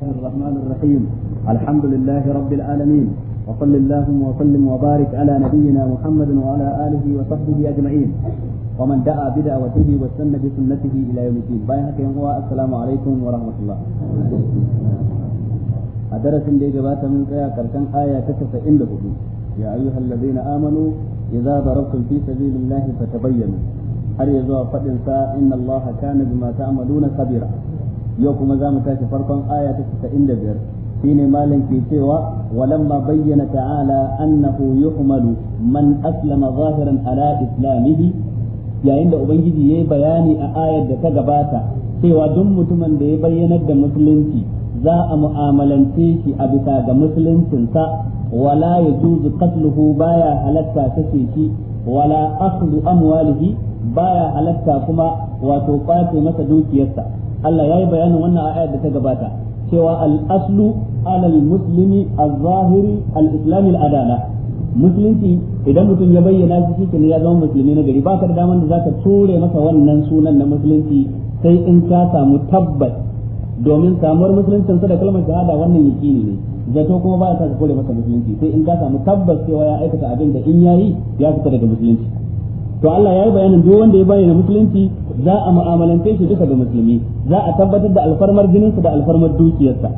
الله الرحمن الرحيم الحمد لله رب العالمين وصل اللهم وسلم وبارك على نبينا محمد وعلى اله وصحبه اجمعين ومن دعا بدعوته واستنى بسنته الى يوم الدين باي حتى هو السلام عليكم ورحمه الله أدرس لي جبات من قيا كركن آية كتف إن يا أيها الذين آمنوا إذا ضربتم في سبيل الله فتبينوا هل يزوى فإن إن الله كان بما تعملون خبيرا yau kuma za mu tashi farkon aya ta biyar shi ne malam ke cewa walamma bayyana ta'ala annahu yuhmalu man aslama zahiran ala islamihi yayin da ubangiji yi bayani a ayar da ta gabata cewa duk mutumin da ya bayyanar da musulunci za a mu'amalance shi a bisa ga musuluncinsa wala ya yajuzu qatluhu baya halatta ta shi wala akhdhu amwalihi baya halatta kuma wato kwace masa dukiyarsa Allah yayi bayanin wannan a ayar da ta gabata cewa al'aslu alal ala al-muslimi al-zahiri al-islam al-adala musulunci idan mutum ya bayyana shi shi ne ya zama musulmi na gari ka da daman da zaka ture masa wannan sunan na musulunci sai in ka samu tabbas domin samuwar musuluncin sa da kalmar shahada wannan yaqini ne zato kuma ba ta kore masa musulunci sai in ka samu tabbas cewa ya aikata abin da in yayi ya fita daga musulunci to Allah ya yi bayanin duk wanda ya bayyana musulunci za a mu'amalance shi duka ga musulmi za a tabbatar da alfarmar jininsa da alfarmar dukiyarsa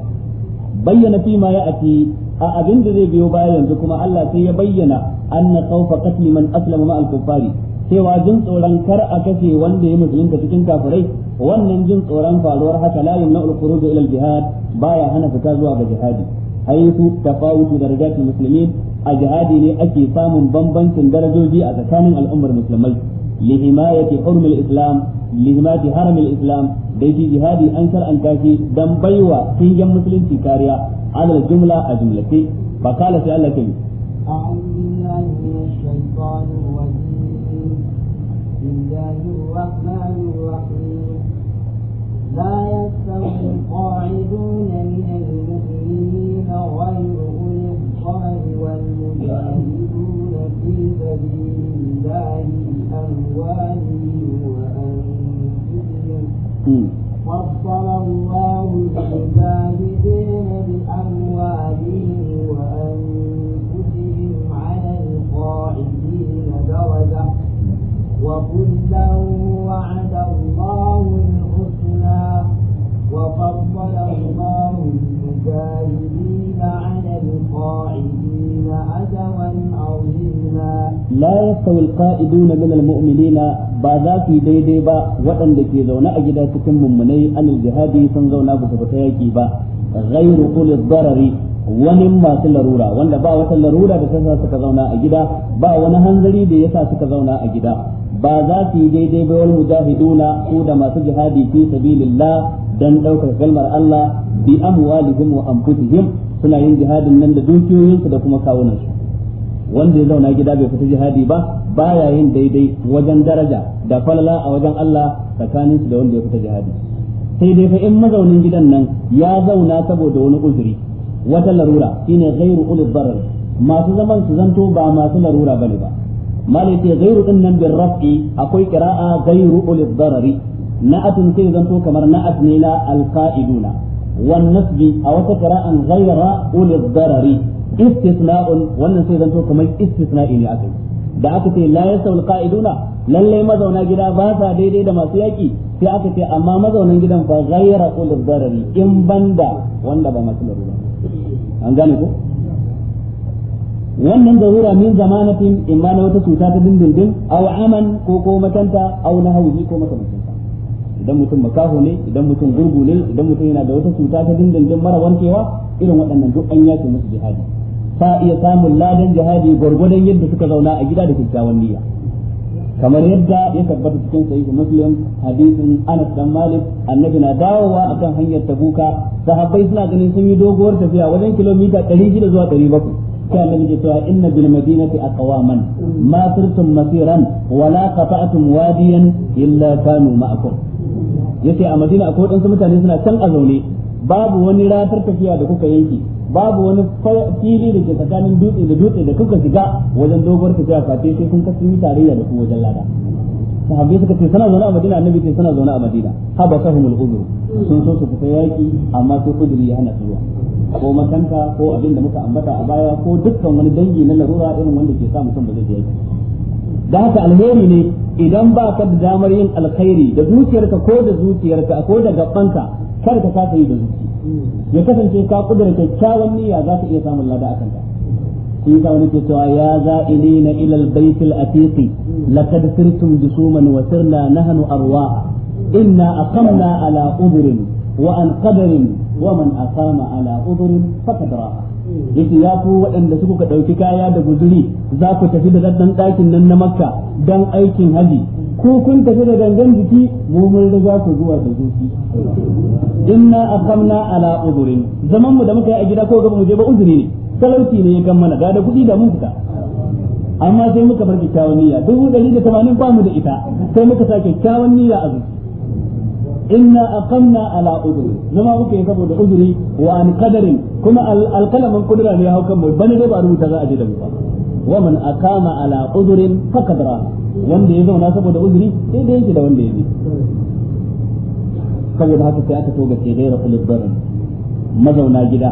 bayyana fi ma ya ati a abin da zai biyo baya yanzu kuma Allah sai ya bayyana anna khawfa qatl man aslama ma al-kuffari cewa jin tsoron kar a kashe wanda ya musulunta cikin kafirai wannan jin tsoron faruwar haka la na al-khuruj ila al-jihad baya hana fita zuwa ga jihadi haythu tafawutu darajatul muslimin a jihadi ne ake samun bambancin darajoji a tsakanin al'ummar musulmai li himayati hurmul islam li himayati haramil islam da shi jihadi an shar'anta shi dan baiwa kingen musulunci kariya alal jumla a jumlace ba kala sai Allah kin أعوذ بالله من الشيطان الرجيم لا يستوي القاعدون من المؤمنين غير أولي الضرر والمجاهدون في سبيل الله بأموالهم وأنفسهم فضل الله المجاهدين بأموالهم وأنفسهم على القاعدين درجة وكلا وعد الله بينهما وفضلهما للمجاهدين على القاعدين أجرا عظيما لا يستوي القائدون من المؤمنين ba za su yi daidai ba waɗanda ke zaune a gida cikin mummunai an jihadi sun zauna ba su fita yaƙi ba ghairu kulli darari wani masu larura wanda ba wata larura da ta sa suka zauna a gida ba wani hanzari da ya sa suka zauna a gida ba za su yi daidai ba wal mujahiduna ko da masu jihadi fi sabilillah dan daukar kalmar Allah bi amwalihim wa anfusihim suna yin jihadin nan da dukiyoyinsu da kuma su. wanda ya zauna gida bai fita jihadi ba baya yin daidai wajen daraja da falala a wajen Allah tsakanin su da wanda ya fita jihadi sai dai fa in mazaunin gidan nan ya zauna saboda wani uzuri wata larura shine ghairu ulil darar masu zaman su zanto ba masu larura bane ba malai ce gairu din nan bin raf'i akwai qira'a gairu ulil darari na'atun sai zanto kamar na'at ne la alqa'iduna wan nasbi a wata qira'an ghaira ulil darari istisna'un wannan sai zanto kamar istisna'i ne akai da aka ce la yasawul qa'iduna lalle mazauna gida ba sa daidai da masu yaki sai aka ce amma mazaunan gidan fa ghaira ulil darari in banda wanda ba masu larura an gane ko wannan zarura min zamanatin in na wata cuta ta dindindin aw aman ko ko makanta aw hawi ko makamancinsa idan mutum makaho ne idan mutum gurgu ne idan mutum yana da wata cuta ta dindindin mara wankewa irin waɗannan duk an yace musu jihadi ta iya samun ladan jihadi gwargwadon yadda suka zauna a gida da kyakkyawan niyya kamar yadda ya tabbata cikin sahih muslim hadisin Anas dan Malik annabi na dawowa akan hanyar Tabuka sahabbai suna ganin sun yi doguwar tafiya wajen kilomita 600 zuwa 700 كان الذي إن بالمدينة أقواما ما سرتم مسيرا ولا قطعتم واديا إلا كانوا معكم yace a madina akwai waɗansu mutane suna can a zaune babu wani ratar tafiya da kuka yanki babu wani fili da ke tsakanin dutse da dutse da kuka shiga wajen doguwar tafiya fate sai kun kasu yi tarayya da ku wajen lada sahabbai suka ce suna zaune a madina annabi ce suna zaune a madina haba sun so su fita yaki amma sai uzuri ya hana su ko makanta ko abin da muka ambata a baya ko dukkan wani dangi na larura irin wanda ke sa mutum ba zai yaki da haka alheri ne idan ba ka da damar yin alkhairi da zuciyarka ko da zuciyarka ko da gabanka kar ka kasa yi da zuci ya kasance ka kudura kyakkyawan niyya za ka iya samun lada akan ta shi ka wani ke cewa ya za ila albayt al-atiq laqad sirtum jusuman wa sirna nahnu arwa inna aqamna ala udrin wa an qadarin wa man ala udhrin faqad ya ku waɗanda suka ka ɗauki kaya da guzuri za ku tafi da ɗan ɗakin nan na makka don aikin haji ko kun tafi da gangan jiki mu mun riga ku zuwa da zuci inna aqamna ala udhrin zaman mu da muka yi a gida ko ga mu je ba uzuri ne talauci ne ya kammala, mana ga da kuɗi da mun fita amma sai muka bar kyakkyawan niyya dubu ɗari da tamanin ba mu da ita sai muka sa kyakkyawan niyya a zuci inna aqamna ala udri zama muke saboda uzuri wa an qadarin kuma alqalamin kudura ne ya hauka mu bane dai ba rubuta za a je da mu ba wa man aqama ala udrin faqadra wanda ya zauna saboda uzuri sai da yake wanda ya bi saboda haka sai aka toga ce gaira ulil barin mazauna gida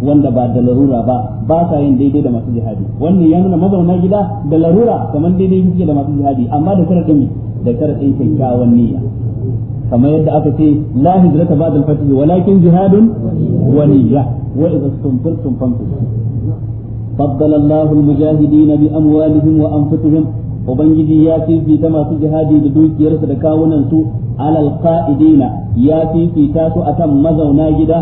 wanda ba da ba ba yin daidai da masu jihadi wannan ya nuna mazauna gida da larura kamar daidai suke da masu jihadi amma da sharadin da sharadin kyakkyawan niyya kamar yadda aka ce la hijrata ba'da al-fath walakin jihadun wa niyya wa idza istunfirtum fanfirtum faddala Allahu al-mujahideen bi amwalihim wa anfusihim ubangiji ya fifita masu jihadi da dukiyarsu da kawunan su alal fa'idina ya fifita su a akan mazauna gida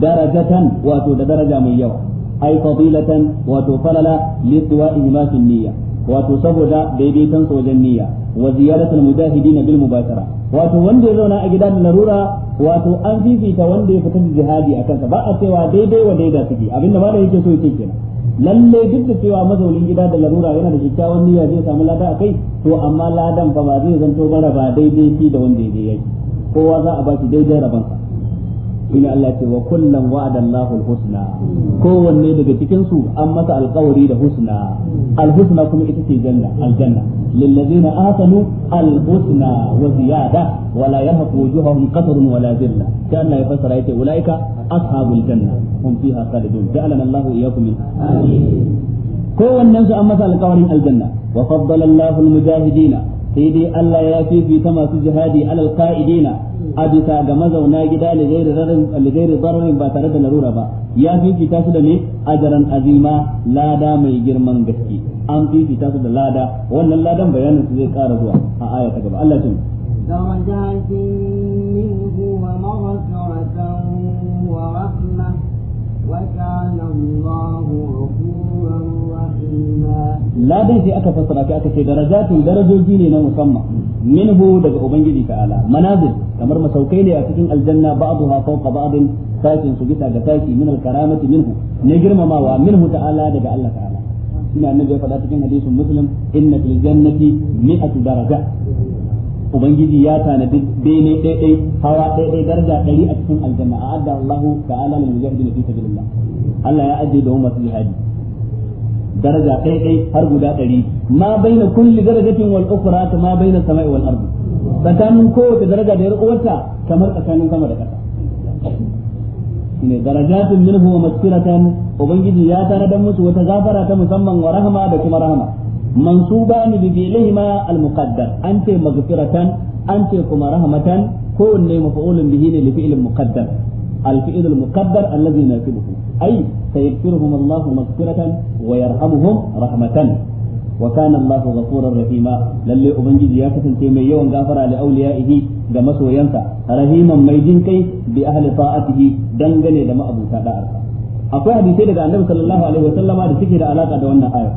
darajatan wato da daraja mai yawa ai fadilatan wato falala li tuwa'i ma niyya wato saboda daidaiton sa wajen niyya wa ziyaratul mujahidin bil mubashara wato wanda ya zauna a gida da larura wato an fifita wanda ya fita da jihadi a kansa ba a cewa daidai wa daida suke abinda ma da yake so yake kenan lalle duk da cewa mazaunin gida da larura yana da kyakkyawan niyya zai samu lada a kai to amma ladan fa ba zai zanto bara ba daidai shi da wanda ya yi kowa za a ba shi daidai rabansa shine Allah ce wa kullan wa'ada Allahul husna kowanne daga cikin su an masa alƙawari da husna alhusna kuma ita ce janna aljanna lillazina ahsanu alhusna wa ziyada wa la yahqu wujuhahum qatarun wa la dhilla ta Allah ya fassara yace ulaika ashabul janna hum fiha khalidun ja'alana Allahu iyyakum min kowannen su an masa alƙawarin aljanna wa faddala Allahul mujahidina sai dai Allah ya fifita masu jihadi alal qa'idina a ga mazauna gida ligairi zararin ba tare da larura ba ya fifita su da ne ajaran azima lada mai girman gaske an fifita su da lada wannan ladan bayanin su zai kara zuwa a aya ta gaba Allah tun ladan sai aka ورحمة وكان aka ce رحيما darajoji ne na musamman minhu daga ubangiji ta'ala manazil kamar masaukai ne a cikin aljanna ba'dha fawqa ba'din sakin su bisa ga saki min alkaramati karamati minhu ne girmamawa minhu ta'ala daga Allah ta'ala ina annabi ya faɗa cikin hadisin muslim inna fil jannati mi'atu daraja ubangiji ya tanadi bene daidai hawa daidai daraja dari a cikin aljanna a'adda Allahu ta'ala lil mujahidin fi sabilillah Allah ya ajiye da masu jihadi daraja ɗaya ɗaya har guda ɗari ma bai na kulli darajatin wal ukhra ta ma baina sama'i wal ardi tsakanin kowace daraja da yar uwarta kamar tsakanin sama da ƙasa ne darajatun minhu wa masfiratan ubangiji ya tara taradan musu wata gafara ta musamman wa rahama da kuma rahama mansuba ni bi ma al muqaddar an ce maghfiratan an ce kuma rahmatan kowanne mafa'ulun bihi ne li fi'lin muqaddar al fi'l al muqaddar allazi nasibuhu أي سيغفرهم الله مغفرة ويرحمهم رحمة وكان الله غفورا رحيما للي أبنجي جياكة تيمي يوم غافر لأوليائه دمسو ينسى رحيما ميجين كي بأهل طاعته دنغني دم أبو سادار أقوى حديثي لك النبي صلى الله عليه وسلم هذا سكر علاقة دون آية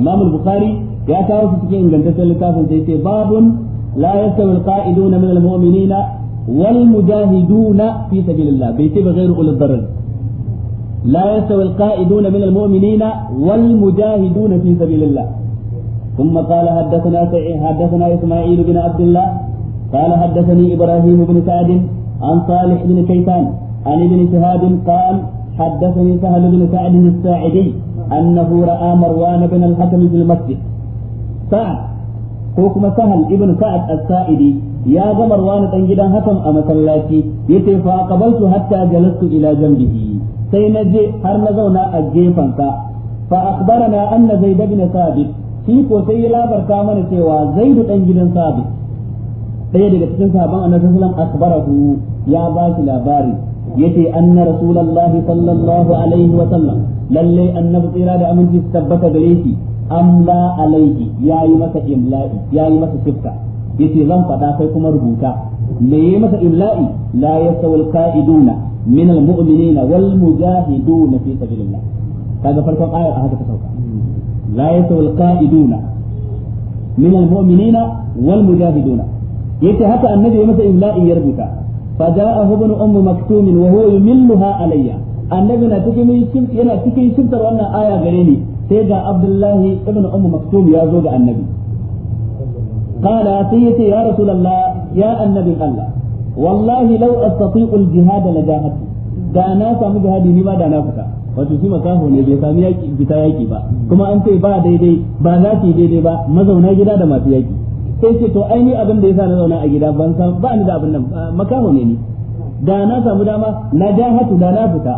إمام البخاري يا تعرف سكين إن جنتك لكافر سيتي باب لا يستوي القائدون من المؤمنين والمجاهدون في سبيل الله بيتي بغير أولي الضرر لا يستوي القائدون من المؤمنين والمجاهدون في سبيل الله ثم قال حدثنا حدثنا اسماعيل بن عبد الله قال حدثني ابراهيم بن سعد عن صالح بن كيسان عن ابن شهاب قال حدثني سهل بن سعد الساعدي انه راى مروان بن الحكم في المسجد سعد حكم سهل ابن سعد الساعدي يا مروان تنجدا حكم امثلاتي يتي فاقبلت حتى جلست الى جنبه sai na je har na zauna a gefensa fa akhbarana anna zaid ibn sabit shi ko sai ya labarta mana cewa zaid dan gidan sabit ɗaya daga cikin sahabban annabi sallallahu alaihi wasallam akhbarahu ya ba shi labari yace anna rasulullahi sallallahu alaihi wasallam lalle annabi tsira da aminci tabbata gare shi amla alaihi yayi masa imla'i yayi masa shifka yace zan faɗa sai kuma rubuta me yayi masa imla'i la yasawul qa'iduna min almu'minina wal mujahiduna fi sabilillah kaga farkon ayar a haka ta sauka la yasawul qa'iduna min almu'minina wal mujahiduna yace haka annabi ya masa imla'in ya rubuta فجاءه ابن ام مكتوم وهو يملها علي annabi na cikin yana cikin shimtar wannan aya gare ni sai ga abdullahi ibn umm maktum ya zo ga annabi qala sai yace ya rasulullah ya annabi allah wallahi law astati'u al-jihad la jahadtu da na samu jihadi ni ma da na fita wato shi makaho ne bai sami yaki fita yaki ba kuma an ce ba daidai ba za ki daidai ba mazauna gida da masu yaki sai ce to ai ni abin da yasa na zauna a gida ban san ba ni da abin nan makaho ne ni da na samu dama na jahatu da na fita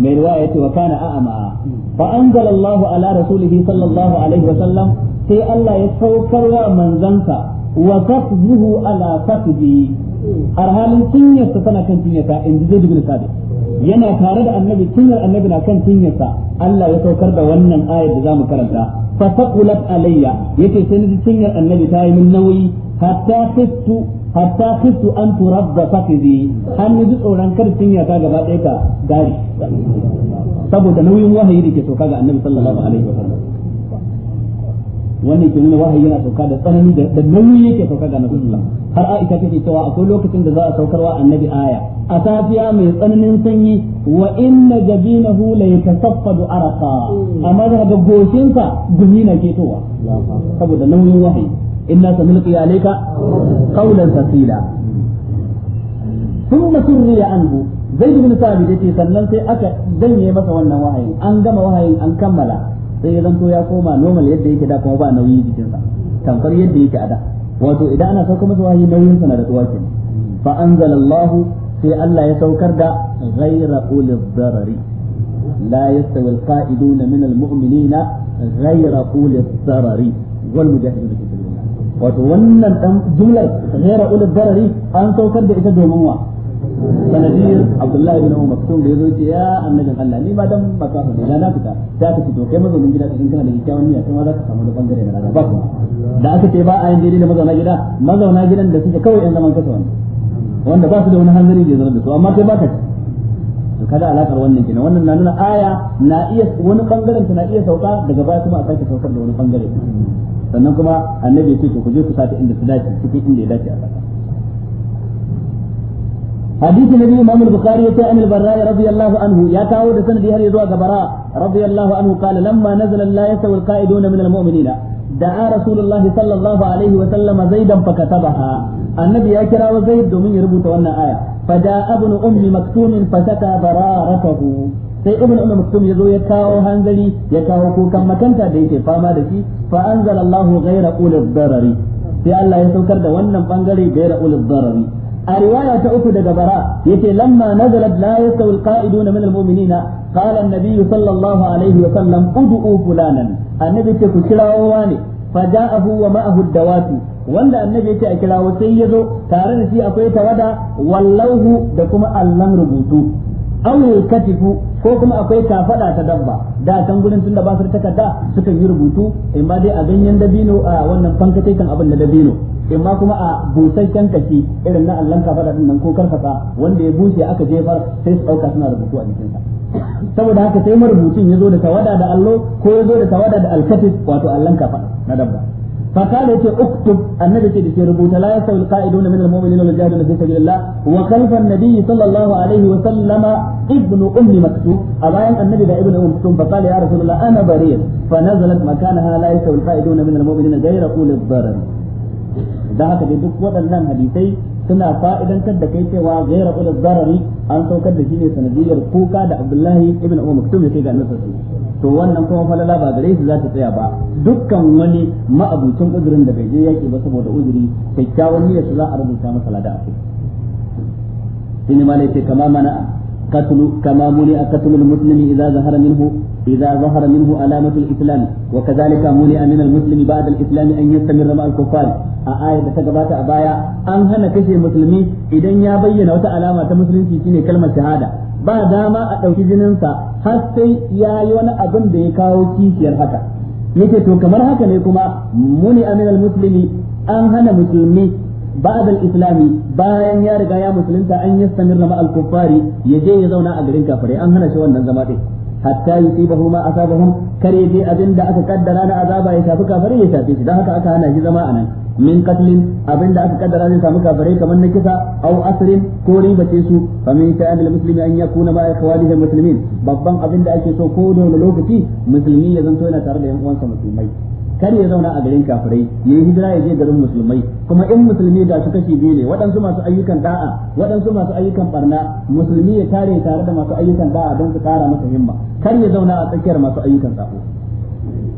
mai ruwa ya ce wa kana a'ama fa anzalallahu ala rasulihi sallallahu alaihi wa sallam sai Allah ya saukar wa manzansa wa kasbuhu ala kasbi alhalin cinyarsa tana kan cinyarsa in ji zai bin yana tare da annabi cinyar annabi na kan cinyarsa Allah ya saukar da wannan ayar da za mu karanta fa faqulat alayya yake sai ni cinyar annabi ta yi min nauyi hatta khiftu hatta an turabba fakidi har ni ji tsoron kar cinyata gaba ɗaya ka gari saboda nauyin wahayi da ke sauka ga annabi sallallahu alaihi wasallam wannan ke nuna wahayi yana sauka da tsanani da nauyi yake sauka ga annabi har Aisha take cewa akwai lokacin da za a saukarwa annabi aya a safiya mai tsananin sanyi wa inna jabinahu la yatasaffadu araqa hmm. amma da ga goshinsa gumi na towa saboda nauyin wahayi inna sanulqi alayka qawlan thaqila thumma surriya anhu zaid bin sabit yace sannan sai aka danye masa wannan wahayi an gama wahayin an kammala sai ya zanto ya koma normal yadda yake da kuma ba nauyi jikinsa tamkar yadda yake a da wato idan ana sauka masa wahayi nauyin sa na da tsuwa kenan fa anzalallahu sai Allah ya saukar da ghayra ulil darari la yastawi alqa'idun min almu'minina ghayra ulil darari wal mujahidun fi sabilillah wato wannan dan jumlar ghayra ulil darari an saukar da ita domin wa sanadiyar abdullahi bin umar maktum da yazo ce ya annabin Allah ni ba ka makafa da na fita ta aka ce to kai mazaunin gida in kana da kyakkyawan niyya kuma za ka samu wani bangare na rana ba kuma da aka ce ba a yin daidai da mazauna gida mazauna gidan da suke kawai yan zaman kasa wani wanda ba su da wani hanzari da ya zama da su amma kai ba ka to kada alakar wannan kenan wannan na nuna aya na iya wani bangaren ta na iya sauka daga baya kuma a sake saukar da wani bangare sannan kuma annabi ya ce ku je ku sata inda su dace cikin inda ya dace a saka حديث النبي امام البخاري يتي عن البراء رضي الله عنه يا كاو ده سندي هل يزوا براء رضي الله عنه قال لما نزل لا يستوي القائدون من المؤمنين دعا رسول الله صلى الله عليه وسلم زيدا فكتبها النبي يا كرا وزيد دومين يربط وانا آية فجاء ابن ام مكتوم فشكى ضرارته sai ibn umar mutum ya zo ya kawo hanzari ya kawo kukan makanta da yake fama da shi fa anzalallahu ghayra ulil darari sai Allah ya saukar da wannan bangare ghayra ulil darari a riwaya ta uku daga bara ya yace lamma nazalat la yastawil qa'iduna min almu'minina qala an sallallahu alaihi wa sallam ud'u fulanan annabi ce ku kirawo wani faja'ahu wa ma'ahu ad-dawatu wanda annabi yace a kirawo sai yazo tare da shi akwai tawada wallauhu da kuma allan rubutu awil katifu ko kuma akwai kafada ta dabba da can gurin basu da takarda suka yi rubutu imma dai a ganyen dabino a wannan fankatai kan abin da dabino imma kuma a busasshen kashi irin na allon kafa da nan ko karfasa wanda ya bushe aka jefar sai su dauka suna rubutu a jikinsa saboda haka sai marubucin ya zo da tawada da allo ko ya zo da tawada da alkatif wato allon kafa na dabba fakala yake uktub annabi ce da ke rubuta la yasaw alqa'iduna min almu'minin wal jahiduna fi sabilillah wa khalfa an-nabiy sallallahu alaihi wa sallama ibnu ummi maktub a bayan annabi da ibnu ummi maktub fakala ya rasulullah ana bariyat fa nazalat makanaha la yasaw alqa'iduna min almu'minin ghayra qul ad da haka dai duk waɗannan hadisai suna fa'idantar da kai cewa gaira da zarari an saukar da shi ne sanadiyar kuka da Abdullahi ibn Umar Maktum yake ga annabi to wannan kuma falala ba gare shi za ta tsaya ba dukkan wani ma'abucin uzurin da bai je yaki ba saboda uzuri kyakkyawan niyyar su za a rubuta masa lada a kai shine malai ce kama mana قتل كما منع قتل المسلم اذا ظهر منه إذا ظهر منه علامة الإسلام وكذلك منع من المسلم بعد الإسلام أن يستمر مع الكفار baya an أبايا kashe هنا كشي ya إذا يبين alama مسلم في سنة كلمة شهادة ba dama a ɗauki jininsa har sai ya yi wani abin da ya kawo kishiyar haka yake to kamar haka ne kuma muni aminal an hana musulmi بعد الإسلام bayan ya riga ya musulunta an yastamirra ma al-kuffari yaje ya zauna a garin kafirai an hana shi wannan zama hatta a ma asabahum kare abin da aka kaddara na azaba ya shafi kafare ya shafi shi dan haka aka hana shi zama anan min katlin abin da aka kaddara zai samu kafare kamar na kisa au asrin ko ribace su fa min sha'anil muslimi an yakuna ma ikhwanihi muslimin babban abin da ake so ko da lokaci musulmi ya zanto yana tare da yan uwansa musulmai kar ya zauna a garin kafirai ya yi hijira ya je garin musulmai kuma in musulmi ga su kashi biyu ne waɗansu masu ayyukan da'a waɗansu masu ayyukan barna musulmi ya tare tare da masu ayyukan da'a don su kara masa himma kar ya zauna a tsakiyar masu ayyukan sako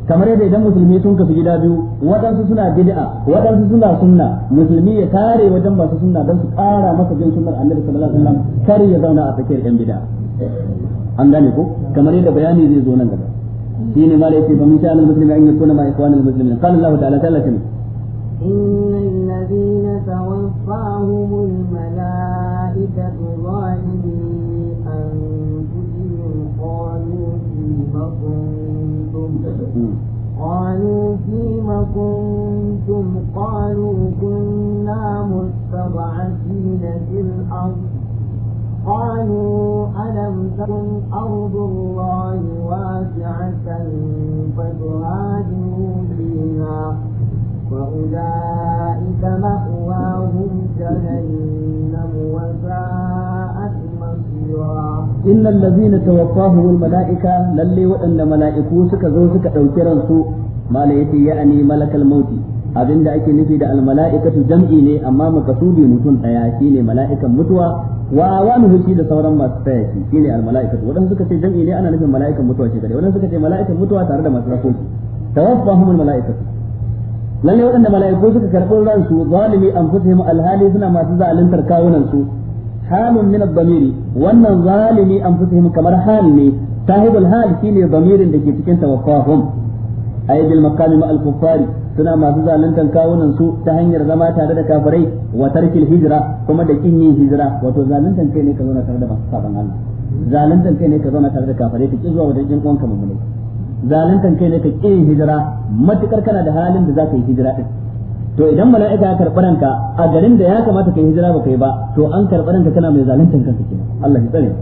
kamar yadda idan musulmi sun kasu gida biyu waɗansu suna bid'a waɗansu suna sunna musulmi ya tare wajen masu sunna don su kara masa bin sunnar annabi sallallahu alaihi wasallam kar ya zauna a tsakiyar yan bid'a an gane ko kamar yadda bayani zai zo nan gaba دين ما ليس فمن كان المسلم أن يكون مع إخوان المسلمين قال الله تعالى تعالى شنو إن الذين توفاهم الملائكة ظالمي أنفسهم قالوا فيما كنتم قالوا كنتم قالوا كنا مستضعفين في الأرض قالوا ألم تكن أرض الله فتنة فتهاجروا فيها وأولئك مأواهم جهنم إن الذين توفاهم الملائكة للي وأن ملائكو سكا زو سكا أوكرا ما ليتي يعني ملك الموت ake nufi da almala'ikatu jam'i ne amma makasudi mutum daya shine mala'ikan mutuwa wa awanuhu shi da sauran masu tsaya shine almala'ikatu wadanda suka ce jam'i ne ana nufin mala'ikan mutuwa shi kadai wadanda suka ce mutuwa tare da masu rako tawaffahum almala'ikatu lalle wadanda suka ransu zalimi anfusihim alhali suna masu zaluntar kawunansu. halun min ad-damiri wannan zalimi anfusihim kamar hal ne sahibul hal shine damirin da ke cikin tawaffahum ay bil maqami ma suna masu zaluntan kawunan su ta hanyar zama tare da kafirai wa tarkil hijra kuma da kin yin hijra wato zaluntan kai ne ka zauna tare da masu saban Allah zaluntan kai ne ka zauna tare da kafirai ka ki zuwa wajen jin uwanka mummune zaluntan kai ne ka ki hijira matukar kana da halin da zaka yi hijira din to idan mala'ika ya karɓi ranka a garin da ya kamata ka yi hijira ba kai ba to an karɓi ranka kana mai zaluntar kanka ke. Allah ya tsare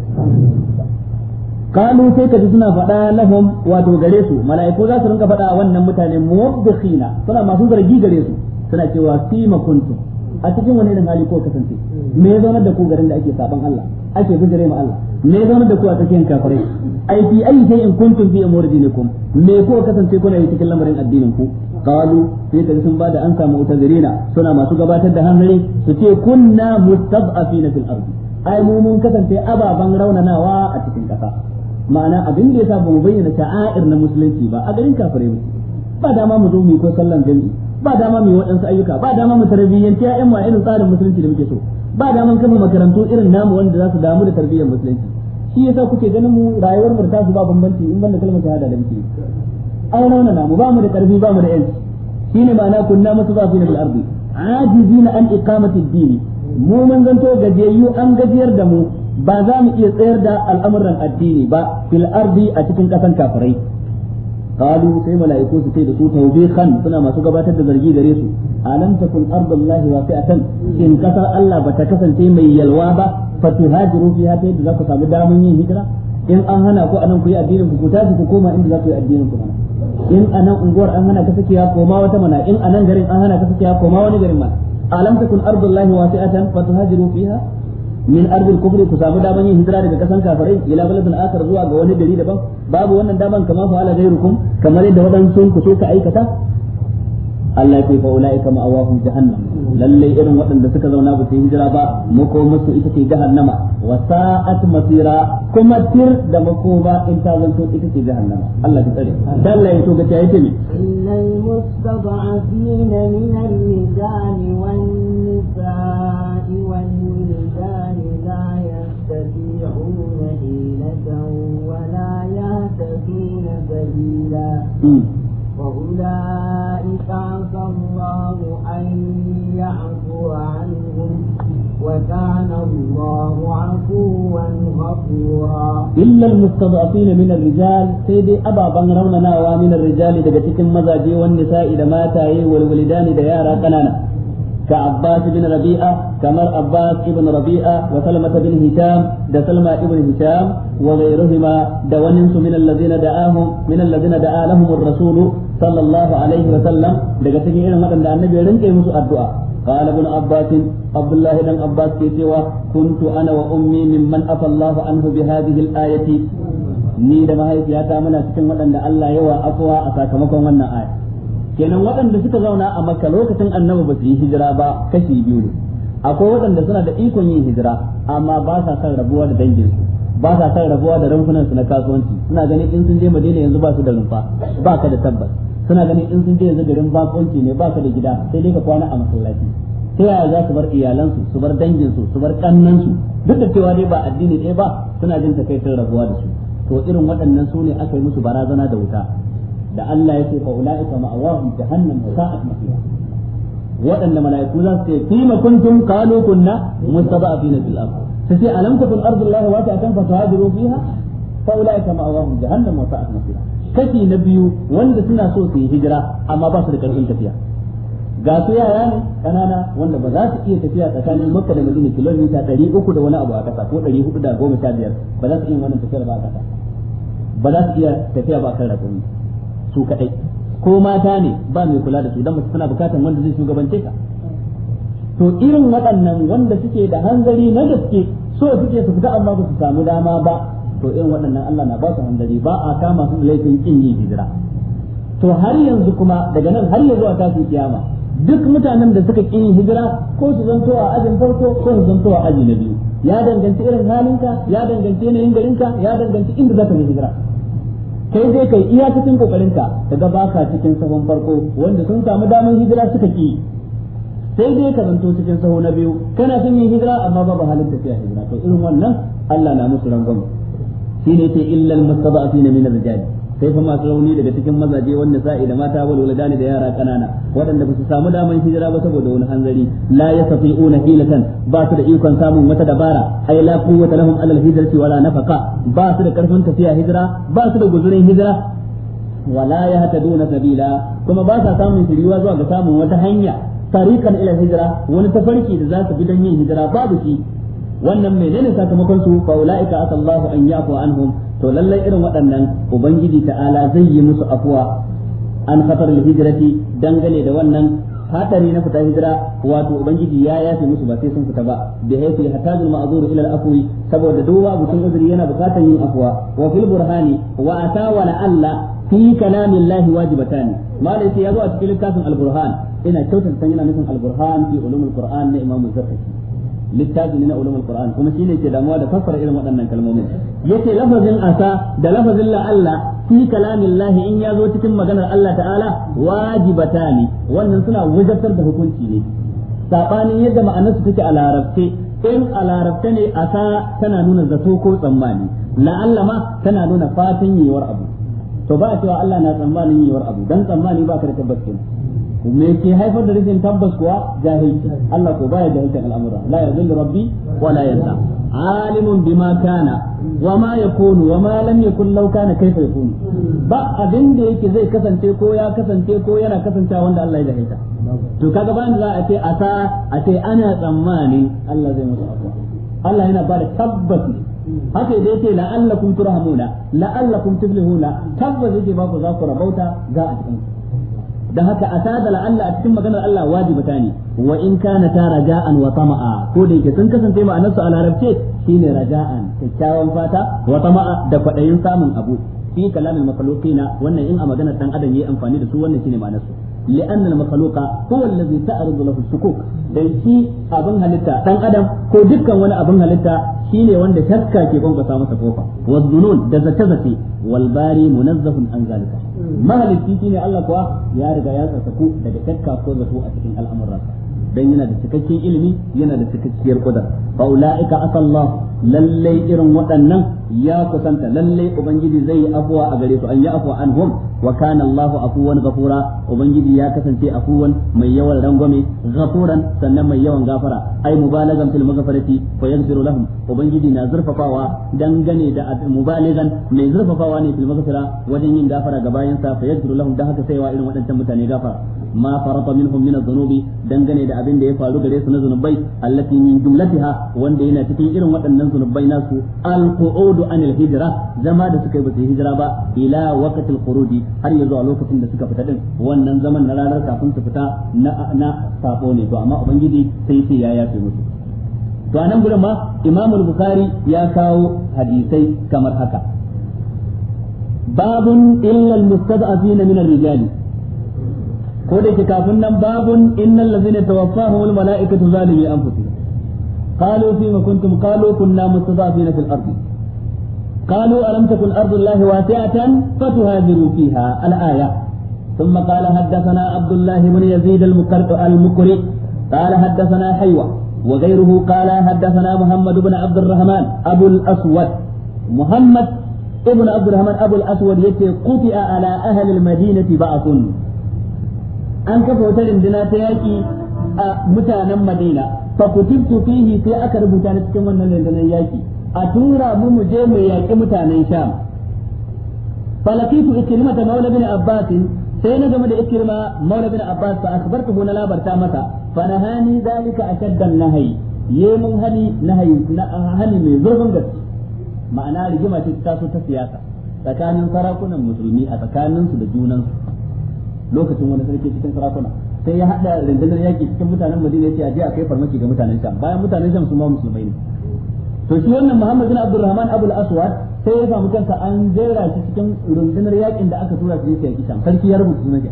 kalu sai kaji suna faɗa lahum wato gare su mala'iku za su rinka faɗa a wannan mutane muwabbikhina suna masu zargi gare su suna cewa fima kuntum a cikin wani irin hali ko kasance me ya zama da ku garin da ake saban Allah ake bijire ma Allah me ya zama da ku a cikin kafirai ai fi ayi sai in kuntum fi amurdinikum me ko kasance kuna yi cikin lamarin addinin ku qalu sai kaga sun da an samu utazirina suna masu gabatar da hanzari su ce kunna mustad'afina fil ardi ai mu mun kasance ababan raunanawa a cikin kasa ma'ana abin da yasa ba mu bayyana sha'air na musulunci ba a garin kafirai ba dama mu zo mu ko sallan jami'i ba dama mu yi waɗansu ayyuka ba dama mu tarbiyyanci ya mu a irin tsarin musulunci da muke so ba dama kafa makarantu irin namu wanda za su damu da tarbiyyar musulunci shi yasa kuke ganin mu rayuwar mu ta su ba bambanci in banda kalmar shahada da muke ai rauna namu ba mu da karfi ba mu da yanci shine ma'ana kunna ba na bil ardi ajizina an iqamati ad-din mu mun zanto gajiyayyu an gajiyar da mu ba za mu iya tsayar da al'amuran addini ba fil ardi a cikin kasan kafirai qalu sai mala'iku su ce da su tawbihan suna masu gabatar da zargi gare su alam takun ardullahi wasi'atan in kasar Allah bata kasance mai yalwa ba fatuhajiru fiha ta yadda za samu damun yin hijira in an hana ku anan ku yi addinin ku ku koma inda za yi addinin ku in anan unguwar an hana ka koma wata mana in garin koma wani garin ma min ardil kufri ku samu daman yin hijira daga kasan kafirai ila baladin akhar zuwa ga wani gari daban babu wannan daman kamar fa ala gairukum kamar yadda wadansu ku so ka aikata Allah ya fa ulaika ma'awahum jahannam lalle irin waɗanda suka zauna ba su hijira ba makomar su ita ce jahannama wa sa'at masira kuma tir da makoma in ta zanto ita ce jahannama Allah ya tsare dan la yato ga tayi ne innal mustada'afina min al-rijali wan nisa'i wan يستطيعون حيلة ولا يهتدون سبيلا وأولئك عسى الله أن يعفو عنهم وكان الله عفوا غفورا إلا المستضعفين من الرجال سيدي أبا بن روننا ومن الرجال دقتكم مزاجي والنساء دماتا والولدان ديارا قنانا كعباس بن ربيعة كمر عباس بن ربيعة وسلمة بن هشام دا سلمة بن هشام وغيرهما دونس من الذين دعاهم من الذين دعا لهم الرسول صلى الله عليه وسلم daga cikin irin waɗanda annabi ya rinke musu addu'a قال ابن عباس عبد الله بن عباس كيتوا كنت انا وامي ممن عفى الله عنه بهذه الايه ni da mahaifiyata muna cikin waɗanda Allah yawa afuwa a sakamakon wannan aya kenan waɗanda suka zauna a makka lokacin annabi ba su yi hijira ba kashi biyu ne akwai waɗanda suna da ikon yin hijira amma ba sa son rabuwa da danginsu ba sa son rabuwa da rumfunan su na kasuwanci suna ganin in sun je madina yanzu ba su da rumfa ba ka da tabbas suna ganin in sun je yanzu garin bakonci ne ba ka da gida sai dai ka kwana a masallaci ta yaya za su bar iyalansu su bar danginsu su bar kannansu duk da cewa dai ba addini ɗaya ba suna jin takaitin rabuwa da su to irin waɗannan su ne aka yi musu barazana da wuta da Allah ya ce fa ulaika ma'awahum jahannam wa sa'at mafiya waɗanda mala'iku za su ce fima kuntum qalu kunna mustaba'ina fil ard sai sai alam takun ardullahi wa ta'atan fa tahajiru fiha fa ulaika ma'awahum jahannam wa sa'at mafiya kashi na biyu wanda suna so su yi hijira amma ba su da karfin tafiya ga su yara ne kanana wanda ba za su iya tafiya tsakanin makka da madina kilomita ɗari uku da wani abu a ƙasa ko ɗari hudu da goma sha biyar ba za su iya wannan tafiyar ba a ƙasa ba za su iya tafiya ba a kan rakumi su kadai ko mata ne ba mai kula da su dan suna tana bukatan wanda zai shugabance ka to irin waɗannan wanda suke da hanzari na gaske so suke su fita amma ba su samu dama ba to irin waɗannan Allah na ba su hanzari ba a kama su laifin kin yi hijira to har yanzu kuma daga nan har yanzu a tafi kiyama duk mutanen da suka yi hijira ko su zanto a ajin farko ko su zanto a aji na biyu ya danganci irin halinka ya danganci yanayin garinka ya danganci inda za ka yi hijira sai dai kai iya cikin ta daga baka cikin sahun farko wanda sun samu damar hijira suka ki sai dai ka zanto cikin saho na biyu kana son yin hijira amma babu halin tafiya hijira to irin wannan Allah na musu rangon shine ce illal mustada'afina min ar-rijali sai fa masu rauni daga cikin mazaje wanda sa'i da mata wal waladani da yara kanana waɗanda ba su samu daman hijira ba saboda wani hanzari la yastati'una hilatan ba su da ikon samun wata dabara ay la quwwata lahum ala al wala nafaqa ba su da karfin tafiya hijira ba su da guzurin hijira wala yahtaduna sabila kuma ba sa samun shiriwa zuwa ga samun wata hanya tariqan ila hijira wani tafarki da za su bi don yin hijira babu shi wannan menene sakamakon su fa ulaika asallahu an yafu anhum to lallai irin waɗannan ubangiji ta'ala zai yi musu afuwa an khatar hijirati dangane da wannan hatari na fita hijira wato ubangiji ya yafe musu ba sai sun fita ba da haythu hatajul ma'zur ila al-afwi saboda duk wa mutum uzuri yana bukatan yin afuwa wa fil burhani wa ata wa alla fi kalamillahi wajibatan malai sai zo a cikin littafin al-burhan ina kyautata yana nufin al-burhan fi ulumul qur'an na imamu zakkaki littafi ne na ulumul qur'an kuma shine ke damuwa da fassara irin waɗannan kalmomin yace lafazin asa da lafazin la'alla fi kalamillahi lahi in ya zo cikin maganar Allah ta'ala wajibatani wannan suna wajabtar da hukunci ne sabanin yadda ma'anarsu take a larabce in a larabce ne asa tana nuna zato ko tsammani la'alla ma tana nuna fatan yiwuwar abu to ba a cewa Allah na tsammanin yiwuwar abu dan tsammani ba ka da tabbacin me ke haifar da rikin tabbas kuwa jahilci Allah ko baya jahilcin al'amura la yadhillu rabbi wa la yansa alimun bima kana wa ma yakunu wa ma lam yakun law kana kaifa yakunu ba abin da yake zai kasance ko ya kasance ko yana kasancewa wanda Allah ya jahilta to kaga bayan za a ce asa a ce ana tsammani Allah zai musu afwa Allah yana ba da tabbas haka dai ce la'allakum turhamuna la'allakum tuflihuna tabbas yake ba ku za ku rabauta ga a cikin da haka a da la'alla a cikin maganar Allah wajibata ne wa in kana ta raja'an wa tama'a ko da yake sun kasance ma'anarsu a larabce shine raja'an kyakkyawan fata wa tama'a da kwaɗayin samun abu fi kalamin makhluqina wannan in a maganar dan adam yayi amfani da su wannan shine ma'anarsu لأن المخلوق هو الذي تعرض له الشكوك dan shi abin halitta dan adam ko dukkan wani abin halitta shine wanda shakka ke gonga masa kofa wazzunun da zace zace wal bari munazzahun an zalika mahalicci shine Allah kuwa ya riga ya tsatsaku daga shakka ko zato a cikin al'amuransa dan yana da cikakken ilimi yana da cikakkiyar kudar fa ulaika asallahu lallai irin waɗannan ya kusanta lallai ubangiji zai yi afuwa a gare su an yi afuwa anhum wa kana Allahu afuwan ghafura ubangiji ya kasance afuwan mai yawan rangwame ghafuran sannan mai yawan gafara ai mubalagan fil maghfirati fa yaghfiru lahum ubangiji na zurfafawa dangane da mubalagan mai zurfafawa ne fil maghfira wajen yin gafara ga bayan sa fa yaghfiru lahum da haka sai irin waɗancan mutane gafara ma farata minhum min adh-dhunubi dangane da abin da ya faru gare su na zunubai allati min jumlatiha wanda yana cikin irin waɗannan zunubai nasu al-qu'ud kharaju an al-hijra zama da suka yi basu hijira ba ila waqtil khuruji har yanzu a lokacin da suka fita din wannan zaman na ranar kafin su fita na na sako ne to amma ubangiji sai sai ya yafe musu to anan gurin ma Imam al-Bukhari ya kawo hadisai kamar haka babun illa al-mustad'afina min ar-rijali ko da ke kafin nan babun innal ladzina tawaffahumul mala'ikatu zalimi anfusihim قالوا فيما كنتم قالوا كنا مستضعفين في الأرض قالوا ألم تكن أرض الله واسعة فتهاجروا فيها الآية ثم قال حدثنا عبد الله بن يزيد المقرئ قال حدثنا حيوة وغيره قال حدثنا محمد بن عبد الرحمن أبو الأسود محمد ابن عبد الرحمن أبو الأسود يتي قطع على أهل المدينة بعض an kafa wata rindina ta yaƙi a mutanen madina fa kutibtu fihi sai aka rubuta ni cikin wannan rindinar yaƙi a tura mu mu je mu yaƙi mutanen sham falakitu ikrimata maula bin abbas sai na game da ikrima maula bin abbas fa akhbartuhu na labarta masa fa nahani zalika ashaddan nahyi ye mun hani nahyi na hani mai zurfin gaske ma'ana rigima ce ta so ta siyasa tsakanin sarakunan musulmi a tsakaninsu da junansu lokacin wani sarki cikin sarakuna sai ya hada rundunar yaki cikin mutanen madina ya ce a je a kai farmaki ga mutanen sham bayan mutanen sham su ma musulmai ne to shi wannan Muhammad bin Abdurrahman Abu al-Aswad sai ya samu kansa an jera shi cikin rundunar yakin da aka tura shi ya yaki sham sarki ya rubuta sunan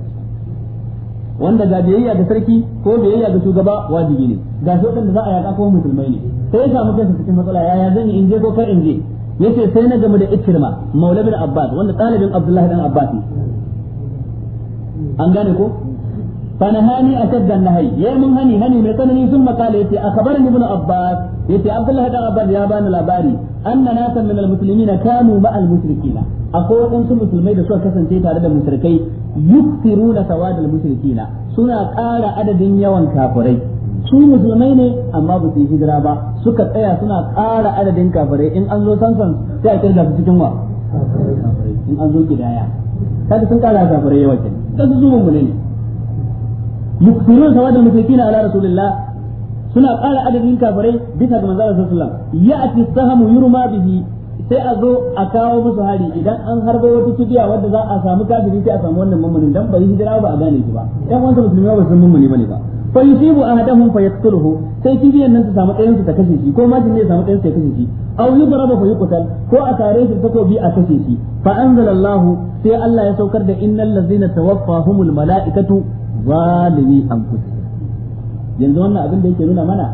wanda ga biyayya da sarki ko biyayya ga shugaba wajibi ne ga shi da za a yaka ko musulmai ne sai ya samu kansa cikin matsala yaya zan yi in je ko kar in je yace sai na gamu da Ikrima Maulana bin Abbas wanda talibin abdullah dan Abbas an gane ko فنهاني أشد النهي يا من هني هني ميتنني ثم قال يتي أخبرني ابن عباس يتي عبد الله بن عباس يا بان الأباري أن ناسا من المسلمين كانوا مع المشركين أقول أنتم مسلمين دسوا كسن تيتا لدى المشركين يكثرون سواد المشركين سنة قال عدد يوان كافرين su musulmai ne amma ba su yi hijira ba suka tsaya suna ƙara adadin kafirai in an zo sansan sai a kirga su cikin wa in an zo kidaya kada sun ƙara kafirai yawa kenan dan su zuwan mu ne muktirun sawa da na ala rasulillah suna ƙara adadin kafarai bisa ga manzo sallallahu alaihi wasallam ya'ti sahamu yurma bihi sai a zo a kawo musu hari idan an harbo wata kibiya wadda za a samu kafiri sai a samu wannan mummunin dan bai hijira ba a gane shi ba dan wanda musulmi ba san mummuni bane ba fa yusibu ahadahum fa yaqtuluhu sai kibiyan nan ta samu ɗayan su ta kashe shi ko majin ne samu ɗayan su ta kashe ko a tare shi takobi a kashe fa anzalallahu sai Allah ya saukar da innal ladzina tawaffahumul malaikatu zalimi kusa yanzu wannan abin da yake nuna mana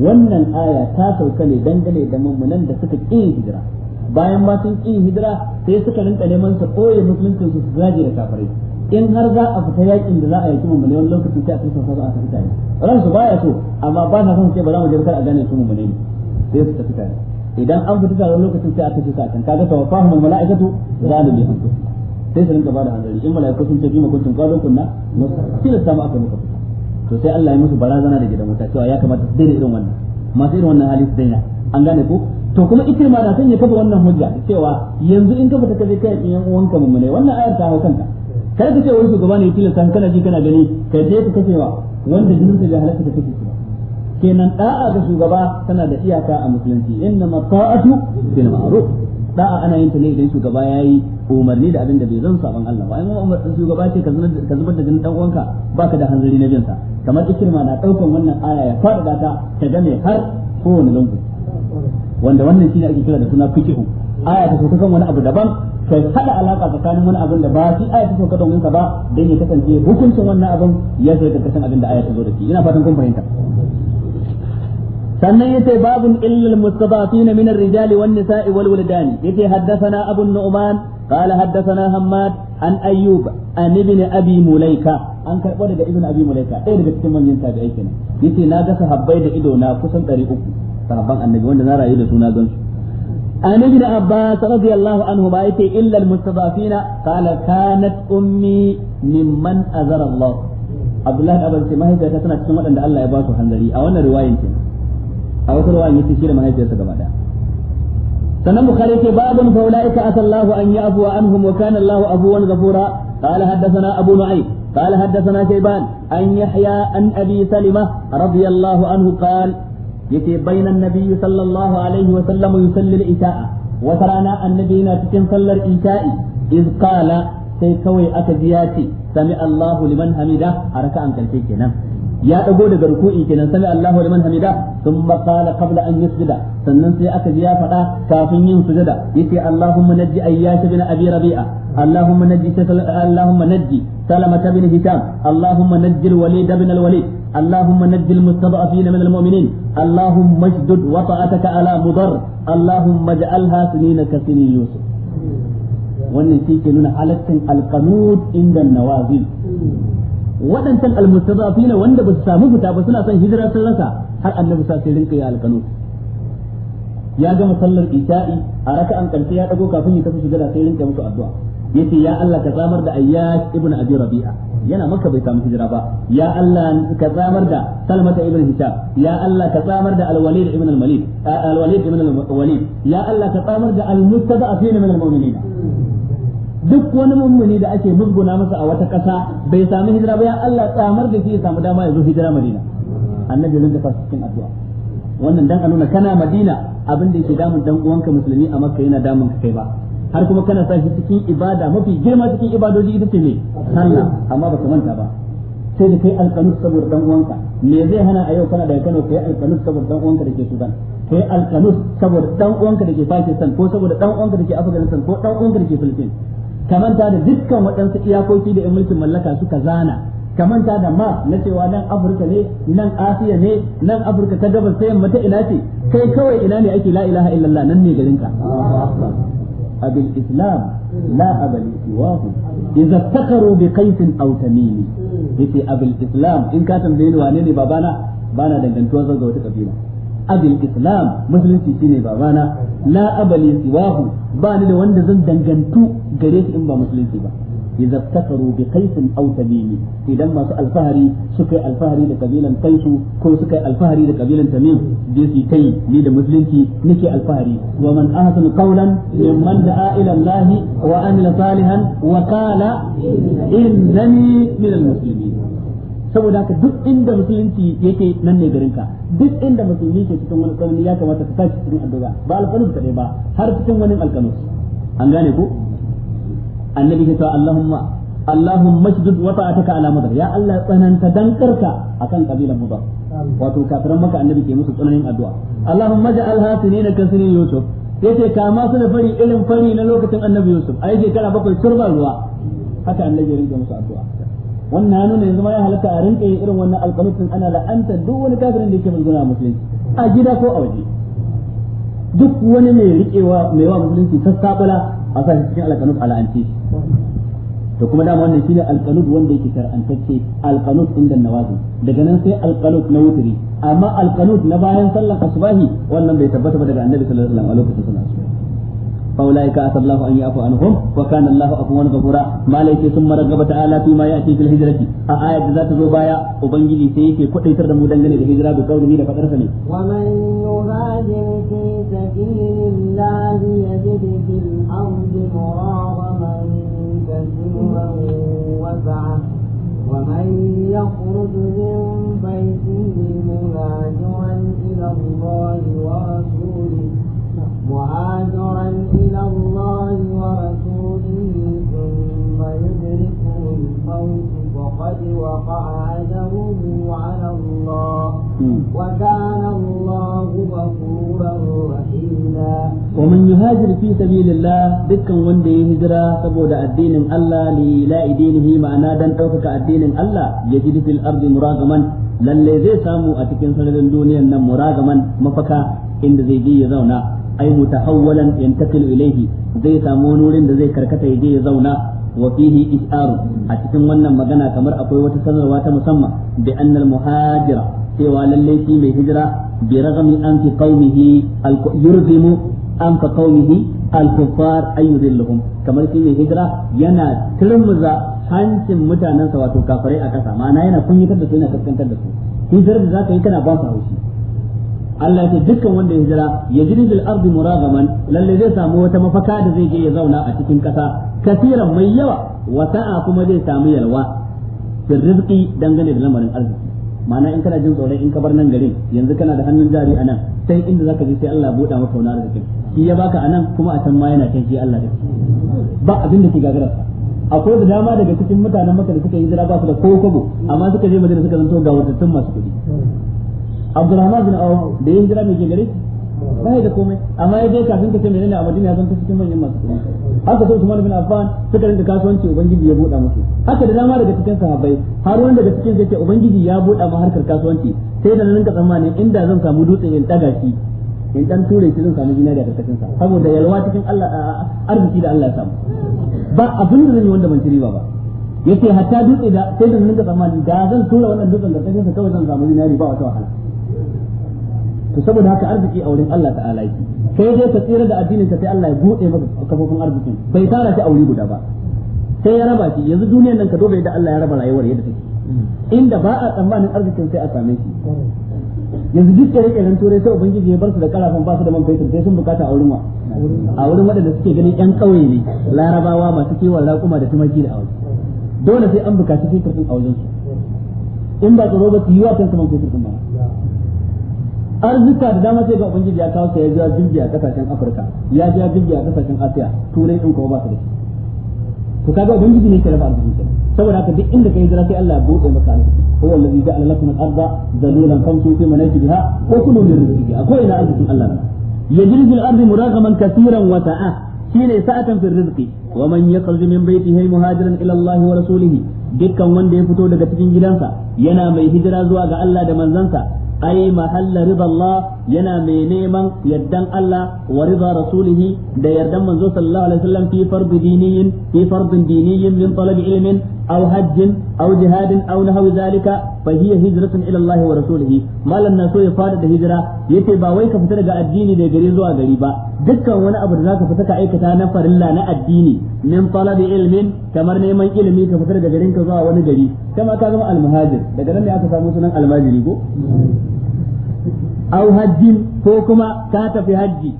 wannan aya ta sauka ne dangane da mummunan da suka ƙi hijira bayan ba sun ƙi hijira sai suka rinka neman su ɓoye musulunci su su zaje da kafirai in har za a fita yakin da za a yaki mummune wani lokacin sai a sauka za a fita ne ran su baya so amma ba sa son ce ba za mu je kar a gane su mummune ne sai su tafi tare idan an fita tare lokacin sai a kace sa kan kaga tawaffahumul malaikatu zalimi kusa sai su rinka ba da hanzari in mala'iku sun tafi makuncin kwazon kunna tilasta ma aka muka fita to sai Allah ya musu barazana da gidan wuta cewa ya kamata su daina irin wannan masu irin wannan hali su daina an gane ko to kuma ita ma da san ya kafa wannan hujja cewa yanzu in ka ta ka kai in yan uwanka mummune wannan ayar ta hau kanta kar ka ce wani shugaba ne tilasta kana ji kana gani ka je ka kasewa wanda jinin ta jahalata ta kake kenan da'a ga shugaba tana da iyaka a musulunci inna ma ta'atu bil ma'ruf da'a ana yin ta ne idan shugaba ya yi umarni da abin da bai zan saban Allah ba amma umarni umar shugaba ce ka zubar da jinin dan uwanka baka da hanzari na bin sa kamar ikirma na daukan wannan aya ya fada ta ta game har kowane lungu wanda wannan shine ake kira da suna fikihu aya ta wani abu daban to hada alaka tsakanin wani abin da ba shi aya ta ka ba dan ya kasance hukuncin wannan abin ya zai da kasan abin da aya ta zo da shi ina fatan kun fahimta sannan yace babun illal mustadafin min ar-rijal wan nisa'i wal wildan yace haddathana abu nu'man qala haddathana hammad an ayyub an ibn abi mulaika an karbo daga ibn abi mulaika ɗaya daga cikin manyan tabi'ai kenan yace na ga sahabbai da ido na kusan 300 sahabban annabi wanda na rayu da su na gansu عن ابن عباس رضي الله عنهما إلا المستضعفين قال كانت أمي ممن أذر الله عبد الله بن أبي ما هي تسمع تسمع أن الله يبارك حنظري أو أن رواية a wata rawa yi shi da mahaifiyarsa gaba daya sannan bukhari yace babun fa asa asallahu an ya'fu anhum wa kana Allahu afuwan ghafura qala haddathana abu nu'aym قال حدثنا شيبان عن يحيى عن ابي سلمه رضي الله عنه قال يتي بين النبي صلى الله عليه وسلم يصلي العشاء وترانا النبي ناتكن صلى العشاء إذ قال sai kawai aka ji ya sami Allahu liman hamida a raka'an karfe kenan ya dago daga ruku'i kenan sami Allahu liman hamida thumma qala qabla an yusjuda sannan sai aka ji ya faɗa kafin yin sujada yace Allahumma najji ayyash bin abi rabi'a Allahumma najji Allahumma najji سلمة بن هشام اللهم نجي الوليد بن الوليد اللهم نجي المستضعفين من المؤمنين اللهم اشدد وطأتك على مضر اللهم اجعلها سنين كسنين يوسف wannan shi ke nuna halaccin alkanut inda nawazil waɗancan almustazafina wanda ba su samu fita ba suna son hijira sun rasa har annabi sa sai rinka ya alƙanu ya gama sallar isha'i a an karshe ya dago kafin ya tafi sujada sai rinka musu addu'a ya ce ya Allah ka tsamar da Ayyash ibn Abi Rabi'a yana maka bai samu hijira ba ya Allah ka tsamar da Salmata ibn Hisham ya Allah ka tsamar da alwalid ibn Al-Malid al ibn Al-Walid ya Allah ka tsamar da Al-Mustada'afin min Al-Mu'minin duk wani mummuni da ake musguna masa a wata ƙasa bai sami hijira ba ya Allah tsamar da shi ya samu dama ya zo hijira Madina annabi rinka fasa cikin addu'a wannan dan a nuna kana Madina abin da yake damun dan uwanka musulmi a Makka yana damun ka kai ba har kuma kana sa shi cikin ibada mafi girma cikin ibadoji ita ce ne sallah amma ba ka manta ba sai da kai alkanus saboda dan uwanka me zai hana a yau kana da Kano kai alkanus saboda dan uwanka da ke Sudan kai alkanus saboda dan uwanka da ke Pakistan ko saboda dan uwanka da ke Afghanistan ko dan uwanka da ke Philippines Kamanta da dukkan waɗansu iyakoki da yan mulkin mallaka suka zana kamanta da ma na cewa nan Afirka ne nan Asiya ne nan Afirka ta gabas ta yamma ta ina ce kai kawai ina ne ake la ilaha illallah nan ne garinka abil islam لا siwahu idza إذا bi qaisin aw تميم yace abul islam in ka tambaye ni wane ne babana bana dangantuwa zuwa wata kabila abil islam musulunci shine babana la abali siwahu ba ni da wanda zan dangantu gare in ba musulunci ba idza takaru bi qaisin aw tamimi idan masu alfahari suka yi alfahari da kabilan kaisu ko suka yi alfahari da kabilan tamim je su kai ni da musulunci nake alfahari wa man ahsanu qawlan mimman da'a ila allah wa amila salihan wa qala innani minal muslimin saboda haka duk inda musulunci yake nan ne garin ka duk inda musulmi ke cikin wani tsanani ya kamata ka tashi cikin addu'a ba alƙanus kaɗai ba har cikin wani alƙanus an gane ko annabi ya ce Allahumma Allahumma mashdud wa ta'ataka ala mudar ya Allah tsananta dankarka akan kabilan mudar wato kafiran maka annabi ke musu tsananin addu'a Allahumma ja'al hasinina ka sinin yusuf yace ka su suna fari irin fari na lokacin annabi yusuf ai kana bakwai turbar ruwa haka annabi ya rinka musu addu'a wannan ya nuna yanzu ma ya halatta a rinka yin irin wannan alqanutin ana la'anta duk wani kafirin da yake a musulunci a gida ko a waje duk wani mai riƙewa mai wa musulunci sassaɓala a sa shi cikin alqanut ala'anci to kuma dama wannan shine alqanut wanda yake shar'antacce alqanut inda nawazi daga nan sai alqanut na wutri amma alqanut na bayan sallar asubahi wannan bai tabbata ba daga annabi sallallahu alaihi wasallam a lokacin sallar asubahi فاولئك عسى الله ان يعفو عنهم وكان الله عفوا غفورا ما ليس ثم رغب تعالى فيما ياتي في الهجره ايه ذات zo baya ubangiji sai yake kudaitar da mu dangane da hijira da kauri da fadarsa ne wa man yuhajir fi sabilillahi yajid ومن يخرج من بيته مهاجرا إلى الله ورسوله مهاجرا إلى الله ورسوله ثم يدركه الموت فقد وقع أجره على الله وكان الله غفورا رحيما ومن يهاجر في سبيل الله دكا وندي هجرة تبودا الدين الله لإيلاء دينه معنا دان توفك الدين الله يجد في الأرض مراغما lalle zai samu a cikin sararin duniyan nan muragaman mafaka inda zai je ya zauna ay mutahawwalan yantakil ilayhi zai samu wani wurin da zai karkata ya je ya zauna wa fihi isharu a cikin wannan magana kamar akwai wata sanarwa ta musamman da annal muhajira cewa lalle shi mai hijira bi ragami an fi qaumihi al an fa qaumihi al kuffar kamar shi mai hijira yana turmuza hancin mutanensa wato kafirai a kasa ma'ana yana kunyatar da su yana kaskantar da su hijirar da zaka yi kana ba su haushi Allah ce dukkan wanda ya jira ya jiri bil ardi muragaman lalle zai samu wata mafaka da zai je ya zauna a cikin kasa kasiran mai yawa wa sa'a kuma zai samu yalwa fil rizqi dangane da lamarin arziki ma'ana in kana jin tsoron in ka bar nan garin yanzu kana da hannun jari a nan sai inda zaka je sai Allah ya buɗa maka wani arzikin shi ya baka a nan kuma a can ma yana kan shi Allah da ba abin da ke gagararsa akwai da dama daga cikin mutanen maka da suka yi jira ba su da ko kobo amma suka je madina suka zanto ga wadatattun masu kuɗi Abdulrahman bin Awf da yin jira mai ke gare bai da komai amma ya dai kafin ka ce menene a Madina zan zanta cikin manyan masu kuɗi haka sai Usman bin Affan suka rinka kasuwanci ubangiji ya buɗa musu haka da dama daga cikin sahabbai har wanda daga cikin zai ubangiji ya buɗa mu harkar kasuwanci sai da nan ka tsammani inda zan samu dutse in daga shi in dan ture shi zan samu zinariya da kasan sa saboda yalwa cikin Allah arziki da Allah ya samu ba abin da zan yi wanda ban ci ba yace hatta dutse da sai da nan ka tsammani da zan tura wannan dutsen da kasan sa kawai zan samu zinari ba wata wahala to saboda haka arziki a wurin Allah ta'ala yake sai dai ka tsira da addinin ka sai Allah ya bude maka kafofin arziki bai tara shi a wuri guda ba sai ya raba shi yanzu duniyar nan ka dobe yadda Allah ya raba rayuwar yadda take inda ba a tsammanin arzikin sai a same shi yanzu duk kere keren turai sai ubangiji ya bar su da karafan ba su da man fetur sai sun bukata a wurin wa a wurin wadanda suke ganin yan kauye ne larabawa masu kiwon raƙuma da tumaki da aure dole sai an bukaci fetur din a wajen su in ba tsoro ba su yi wa kansu man fetur din ba arzika da dama sai ga ubangiji ya kawo ya ja jirgi a kasashen afirka ya ja jirgi a kasashen asiya turai din kuma ba su da shi to kaga ubangiji ne ke raba arziki kenan saboda haka duk inda kai hijira sai Allah ya bude maka arziki huwa allazi ja'ala lakum al-ardha zalulan famshu fi manakibiha wa kulu min rizqihi akwai ina arzikin Allah yajridu al-ardu muragaman kaseeran wa ta'a shine sa'atan fi rizqi wa man yakhruju min baytihi muhajiran ila Allah wa rasulihi dukkan wanda ya fito daga cikin gidansa yana mai hijira zuwa ga Allah da manzansa ai mahalla rida Allah yana mai neman yardan Allah wa rida rasulihi da yardan manzo sallallahu alaihi wasallam fi fardu diniyin min talab ilmin aw hajjin au jihadin aw nahwi zalika fa hiya hijratun ila Allah wa rasulihi malan na so ya fada da hijira yace ba wai ka fita daga addini da gari zuwa gari ba dukkan wani abu da zaka fita ka aikata na farilla na addini min da ilimin kamar neman ilimi ka fita daga garin ka zuwa wani gari kama ka zama almuhajir daga nan ne aka samu sunan almajiri ko au ko kuma ka tafi hajji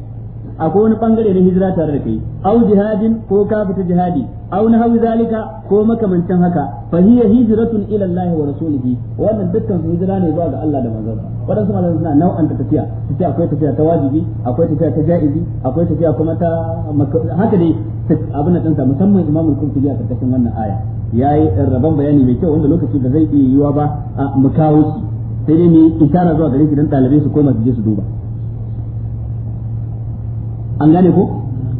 akwai wani bangare na hijira tare da kai au jihadin ko ka fita jihadi au na hawi zalika ko makamancin haka fa hiya hijratun ila Allah wa rasulihi wannan dukkan hijira ne zuwa ga Allah da manzon wadansu malamai suna nau'an ta tafiya tafiya akwai tafiya ta wajibi akwai tafiya ta ja'izi akwai tafiya kuma ta haka dai abin nan sa musamman imamul qurtubi a karkashin wannan aya yayi rabon bayani mai kyau wanda lokaci da zai iya yiwa ba mu kawo shi sai dai mu zuwa gare shi dan ɗalibai su koma su je su duba an gane ko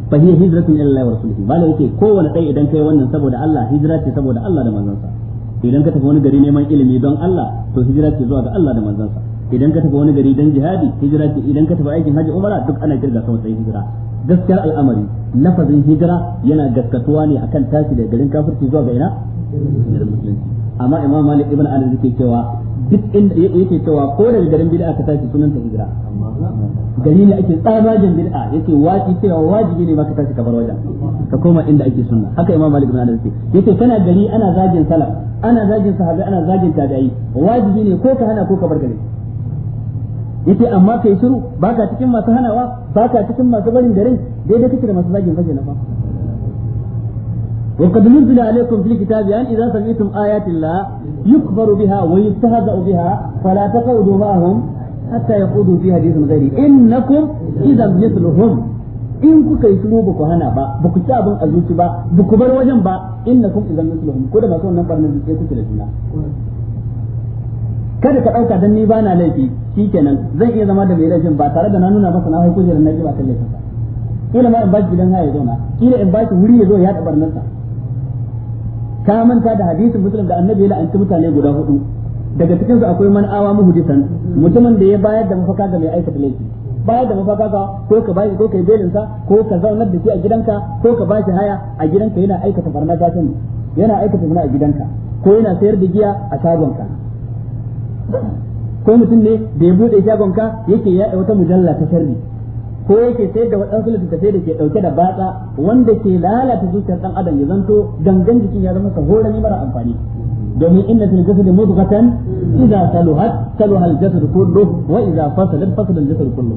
fa hiya hijratun ila Allah wa rasulih bala yake kowanne sai idan kai wannan saboda Allah hijira ce saboda Allah da manzansa idan ka tafi wani gari neman ilimi don Allah to hijira ce zuwa ga Allah da manzansa idan ka tafi wani gari don jihadi hijira ce idan ka tafi aikin haji umara duk ana kirga sa matsayin hijira gaskiyar al'amari lafazin hijira yana gaskatuwa ne akan tashi daga garin kafirci zuwa ga ina musulunci amma imam malik ibn anas yake cewa duk inda yake cewa ko da garin bid'a ka tashi sunan ta hijira gari ne ake tsarajin bid'a yake waji cewa wajibi ne ma ka tashi kabar wajen ka koma inda ake sunna haka imam malik ibn anas yake yake kana gari ana zagin salaf ana zagin sahabbai ana zagin tabi'i wajibi ne ko ka hana ko ka bar gari yake amma kai shiru baka cikin masu hanawa baka cikin masu barin garin daidai kake da masu zagin fashe na fa وقد نزل عليكم في الكتاب أن إذا سمعتم آيات الله يكفر بها ويستهزأ بها فلا تقعدوا معهم حتى يقودوا في حديث غيري إنكم إذا مثلهم in kuka yi tuno baku hana ba baku ci abin azuci ba baku bar wajen ba innakum idan misluhum ko da masu wannan barnan zuciya kuke da juna kada ka ɗauka dan ni ba na laifi shikenan zan iya zama da mai laifin ba tare da na nuna masa na hau kujerar na ji ba in gidan ya zauna wuri ya zo ya tabarnar ka manta da hadisin muslim da annabi ya la'anci mutane guda hudu daga cikin su akwai man awa muhdisan mutumin da ya bayar da mafaka ga mai aikata laifi bayar da mafaka ka ko ka bayar ko ka yi belin sa ko ka zaunar da shi a gidanka ko ka bashi haya a gidanka yana aikata barna ta sani yana aikata barna a gidanka ko yana sayar da giya a shagonka ko mutum ne da ya bude ka yake yaɗa wata mujalla ta sharri ko yake sai da waɗansu littattafai da ke ɗauke da batsa wanda ke lalata zuciyar ɗan adam ya zanto gangan jikin ya zama sahorani mara amfani domin inna fil jasadi mudghatan idza saluhat saluha al jasad kullu wa idza fasalat fasala al jasad kullu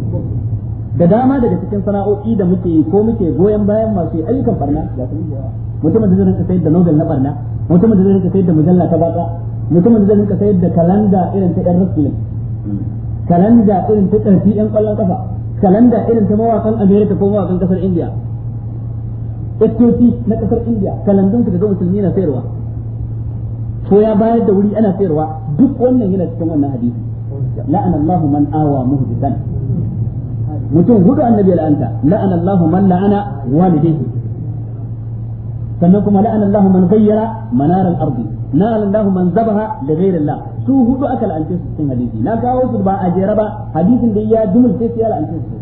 da dama daga cikin sana'o'i da muke yi ko muke goyon bayan masu ayyukan barna mutumin da zai rinka sayar da nodal na barna mutumin da zai rinka sayar da mujalla ta batsa mutumin da zai rinka sayar da kalanda irin ta ɗan rasulun kalanda irin ta ƙarfi ɗan ƙwallon ƙafa kalanda irin ta mawakan America ko mawakan kasar India FTT na kasar India kalandun su daga musulmi na sayarwa ko ya bayar da wuri ana sayarwa duk wannan yana cikin wannan hadisi la'ana Allah man awa muhdisan mutum hudu annabi la'anta la'ana Allah man la'ana walidayhi sannan kuma la'ana Allah man ghayyara manar al-ardi na alallahu man zabaha da ghairillah su hudu aka la'ance su cikin hadisi na kawo su ba a jera ba hadisin da ya dumulce su ya la'ance su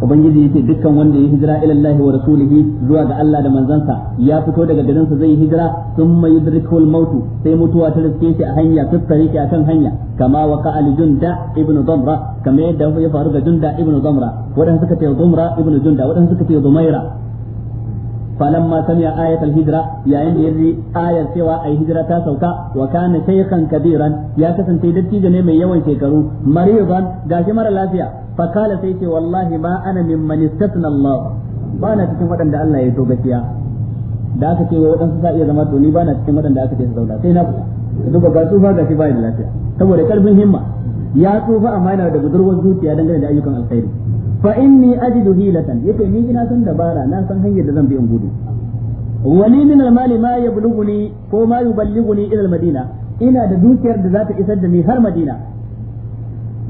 ubangiji yake dukkan wanda ya hijira ila Allah wa rasulihi zuwa ga Allah da manzansa ya fito daga sa zai hijira thumma yudrikul mautu sai mutuwa ta riske shi a hanya tsare shi akan hanya kama waqa Ali junda ibn damra kama yadda ya faru ga junda ibn damra wadanda suka ce dumra ibn junda wadanda suka ce dumaira falamma sami'a ayatul hijra yayin da yaji ayar cewa ai hijira ta sauka wa kana shaykhan kabiran ya kasance dattijo ne mai yawan shekaru maridan gashi mara lafiya fa sai ce wallahi ba ana mimman istatna Allah ba na cikin waɗanda Allah ya so gaskiya da aka ce waɗansu za iya zama to ba na cikin waɗanda aka ce su zauna sai na fita duba ga tsufa ga shi ba da lafiya saboda karfin himma ya tsufa amma da budurwar zuciya dangane da ayyukan alkhairi fa inni ajidu hilatan yace ni ina san dabara na san hanyar da zan bi in gudu wali min almali ma yablughuni ko ma yuballighuni ila almadina ina da dukiyar da za ta isar da ni har madina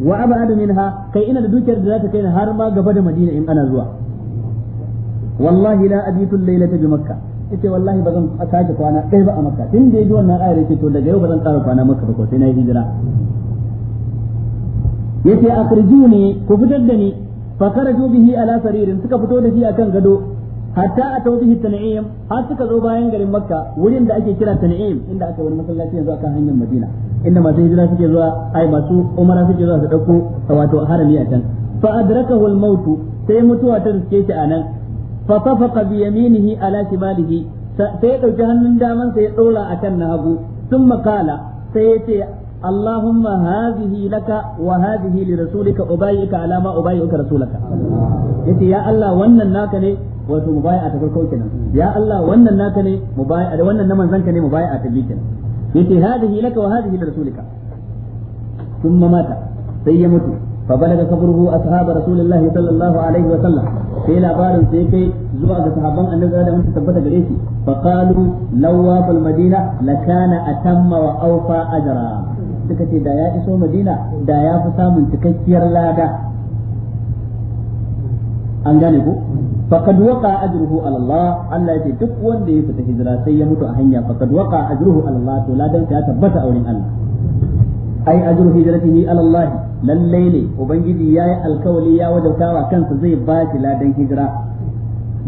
wa abadu minha kai ina da dukiyar da za ta kai ni har ma gaba da madina in ana zuwa wallahi la abitu laylata bi makkah yace wallahi ba zan sake kwana ɗaya ba a makka tun da yaji wannan ayar yace to daga yau ba zan ƙara kwana makka ba ko sai na yi hijira yace akhrijuni ku fitar da ni fa kharaju bihi ala saririn suka fito da shi akan gado hatta a tawbihi tan'im har suka zo bayan garin makka wurin da ake kira tan'im inda aka wani masallaci yanzu akan hanyar madina inda masu hijira suke zuwa ai masu umara suke zuwa su dauko wato harami a can fa adrakahu al-maut sai mutuwa ta riske shi anan fa tafaqa bi yaminihi ala shimalihi sai ya dauki hannun daman sa ya a akan na hagu sun makala sai ya ce اللهم هذه لك وهذه لرسولك أبايعك على ما أبايعك رسولك yace ya Allah wannan naka ne wato mubai'a ta ya Allah wannan naka ne mubai'a da wannan na manzon ka ne mubai'a ta biyu kenan yace hadhihi laka wa hadhihi li rasulika thumma mata sai ya mutu fa balaga kabruhu ashab ya sallallahu alaihi wa sallam sai labarin sai kai zuwa ga sahabban annabi da mun tabbata gare shi fa madina lakana atamma wa suka ce da ya iso madina da ya fi samun cikakkiyar lada an gane ku. faqad waqa ajruhu ala Allah Allah ce duk wanda ya fita hijira sai ya mutu a hanya faqad waqa ajruhu ala Allah to ladan ya tabbata a wurin Allah ai ajru hijratihi ala Allah lalle ne ubangiji yayi alkawali ya wajabtawa kansa zai ba ladan hijira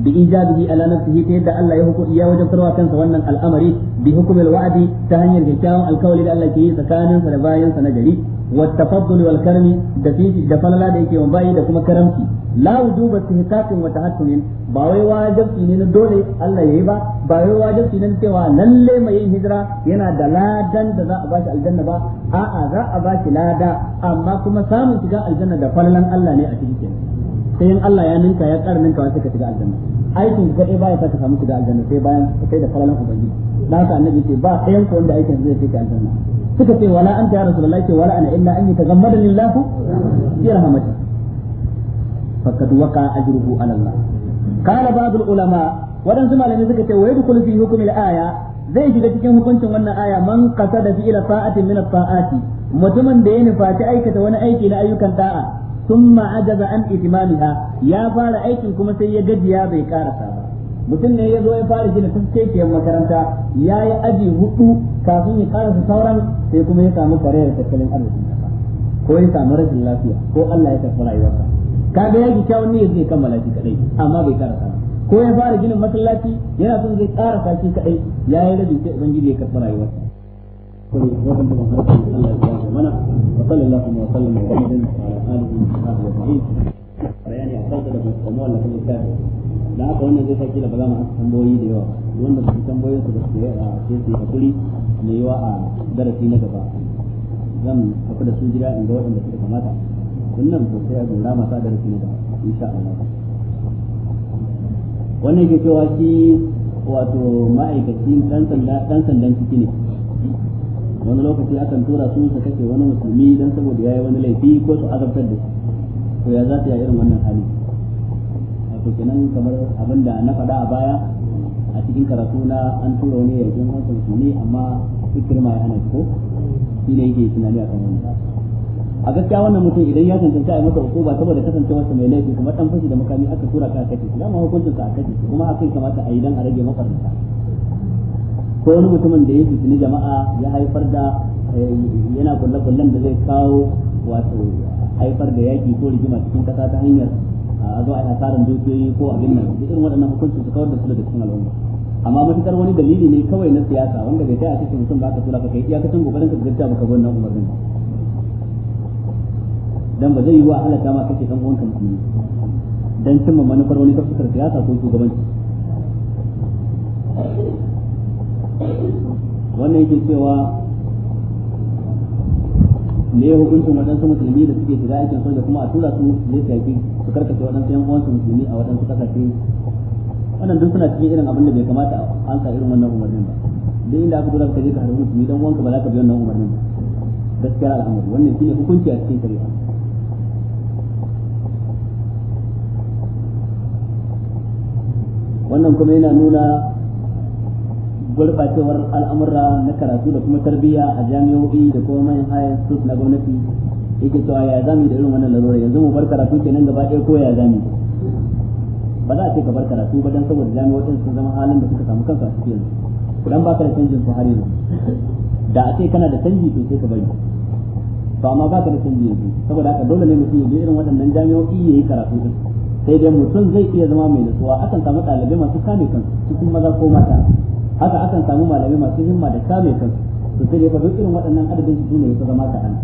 bi ijabihi ala nafsihi ta yadda Allah ya hukunta ya wajen tarwa kansa wannan al'amari bi hukumil wa'di ta hanyar kyakkyawan alkawari da Allah ke yi tsakanin sa da bayan sa na gari wa tafaddul wal karmi da fi da falala da yake bayi da kuma karamci la wujuba istihqaqin wata tahattumin ba wai wajibi ne na dole Allah ya yi ba ba wai wajibi ne cewa lalle mai yin hijira yana da ladan da za a bashi aljanna ba a'a za a bashi lada amma kuma samun shiga aljanna da falalan Allah ne a cikin sai in Allah ya ninka ya ƙara ninka sai ka shiga aljanna aikin ka dai baya ka samu shiga aljanna sai bayan sai da falalan ubangiji dan haka annabi ce ba ɗayan ku wanda aikin zai shiga aljanna suka ce wala anta ya rasulullahi ce wala ana illa an yi ta yatagammada lillahu bi rahmatihi faqad waqa ajruhu ala Allah qala ba'd al ulama wadansu malamai suka ce wa yadkhulu fi hukm al aya zai shiga cikin hukuncin wannan aya man qasada fi ila sa'atin min as-sa'ati mutumin da ya nufaci aikata wani aiki na ayyukan da'a ثم عجب an اتمامها ya fara aikin kuma sai ya يا bai karasa mutum ne ya zo ya fara gina ke makaranta ya yi aji hudu kafin ya karasa sauran sai kuma ya samu karayar tattalin arzikin kasa ko ya samu rashin lafiya ko Allah ya karɓi rayuwarsa kaga ya ji kyawun ne ya zai kammala shi kadai amma bai karasa ba ko ya fara ginin masallaci yana son zai karasa shi kadai ya yi rajin sai ubangiji ya karɓi rayuwarsa وصلى اللهم وسلم وبارك على اله وصحبه اجمعين bayani a kansa wannan kuma a sai su a darasi na gaba zan su gida in ga waɗanda suka kamata kunnan ko sai a na gaba insha Allah wannan shi wato ma'aikacin ne wani lokaci akan tura su su kake wani musulmi dan saboda yayi wani laifi ko su azabtar da to ya za ta yi irin wannan hali cikin kenan kamar abin da na faɗa a baya a cikin karatu na an tura wani yankin wasu musulmi amma fikirma ya hana ko shi ne yake tunani a kan wannan a gaskiya wannan mutum idan ya tantance a yi masa hukuma saboda kasancewar sa mai laifi kuma dan fashi da makami aka tura ka kashe shi dama hukuncin sa a kashe kuma akai kamata a yi dan a rage mafarkata ko wani mutumin da ya fitini jama'a ya haifar da eh, yana kulle-kullen da zai kawo wato haifar da yaki ko rigima cikin kasa ta hanyar a zo a hasaran dukiyoyi ko abin nan da irin waɗannan hukunci su kawar da su da cikin al'umma amma matukar wani dalili ne kawai na siyasa wanda bai kai a cikin mutum ba ka tura ka kai iyakacin gobarin ka gaggata baka bi wannan umarnin dan ba zai yi wa halatta ma kake dan uwanka ne dan cimma manufar wani tafsirar siyasa ko shugabanci wannan yake cewa me ya hukuncin waɗansu musulmi da suke shiga aikin soja kuma a tura su ne su yaƙi su karkace waɗansu yan uwansu musulmi a waɗansu ƙasashe wannan duk suna cikin irin abin da bai kamata an sa irin wannan umarnin ba duk inda aka tura ka je ka harbi musulmi dan uwanka ba za ka bi wannan umarnin ba gaskiya al'amari wannan shine hukunci a cikin shari'a wannan kuma yana nuna gurbacewar al'amura na karatu da kuma tarbiyya a jami'o'i da kuma manyan high institute na gwamnati yake cewa ya zami da irin wannan lalura yanzu mu bar karatu kenan gaba ɗaya ko ya zami ba za a ce ka bar karatu ba don saboda jami'o'in sun zama halin da suka samu kansu a cikin yanzu dan baka da canjin su har yanzu da a ce kana da canji to sai ka bari to amma baka da canji yanzu saboda haka dole ne mutum ya je irin waɗannan jami'o'i ya yi karatu sai dai mutum zai iya zama mai nutsuwa akan samu ɗalibai masu kame kansu cikin maza ko mata haka akan samu malamai masu himma da kame kansu to sai fa duk irin waɗannan adadin su ne su zama kaɗan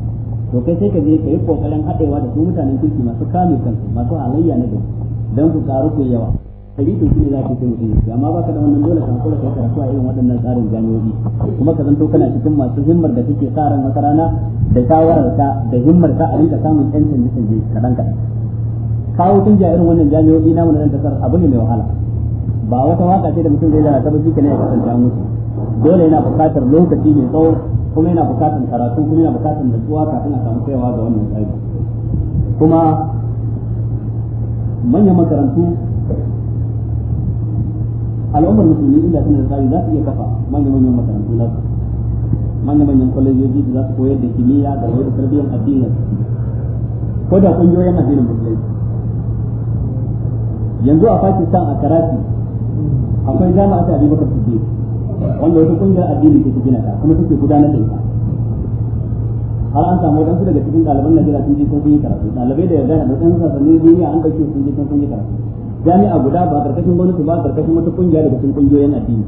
to kai sai ka je ka yi kokarin haɗewa da su mutanen kirki masu kame kansu masu halayya na gari don ku karu ku yawa kari to shi ne za ka sai mutum ya amma ka da wannan dole ka hakura kai karatu a irin waɗannan tsarin jami'o'i kuma ka zanto kana cikin masu himmar da kake sa ran wata rana da ka da himmar ka a rinka samun ƴancin canje canje kaɗan kaɗan kawo tun irin wannan jami'o'i namu na ɗan kasar abu ne mai wahala ba wata waka ce da mutum zai lalata ba shike ne ya kasance an mutu dole yana buƙatar lokaci mai tsawo kuma yana buƙatar karatu kuma yana buƙatar nutsuwa kafin a samu kaiwa ga wannan tsari kuma manyan makarantu al'ummar musulmi inda suna da tsari za su iya kafa manyan manyan makarantu na su manyan manyan kwalejoji da za su koyar da kimiyya da koyar tarbiyyar addinin ko da kungiyoyin addinin musulmi yanzu a Pakistan a karatu. akwai a ta Abubakar biyu wanda wata kungiyar addini ke cikin ta kuma take gudanar da ita har an samu wadansu daga cikin ɗaliban jira sun je sun yi karatu ɗalibai da yarda da ɗan sassanin duniya an ɗauke sun je sun yi karatu jami'a guda ba karkashin gwamnati ba karkashin wata kungiya daga cikin kungiyoyin addini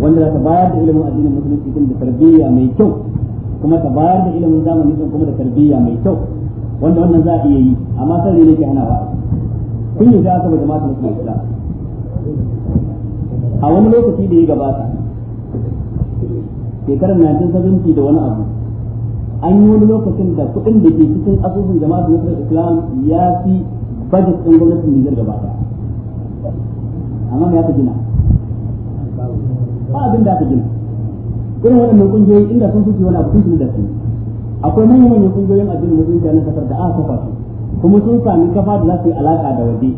wanda za ta bayar da ilimin addinin musulunci din da tarbiyya mai kyau kuma ta bayar da ilimin zamani din kuma da tarbiyya mai kyau wanda wannan za a iya yi amma sai ne ke hanawa kun yanzu aka bada mata mutum islam a wani lokaci da ya gabata shekarar 1970 da wani abu an yi wani lokacin da kuɗin da ke cikin asusun jama'a da islam ya fi bajet ɗin gwamnatin Nijar gaba ɗaya amma me aka gina ba abin da aka gina irin waɗannan ƙungiyoyi inda sun fi wani abu sun da su akwai manyan manyan ƙungiyoyin abin da a nan kasar da aka kafa su kuma sun sami kafa da za su yi alaƙa da waje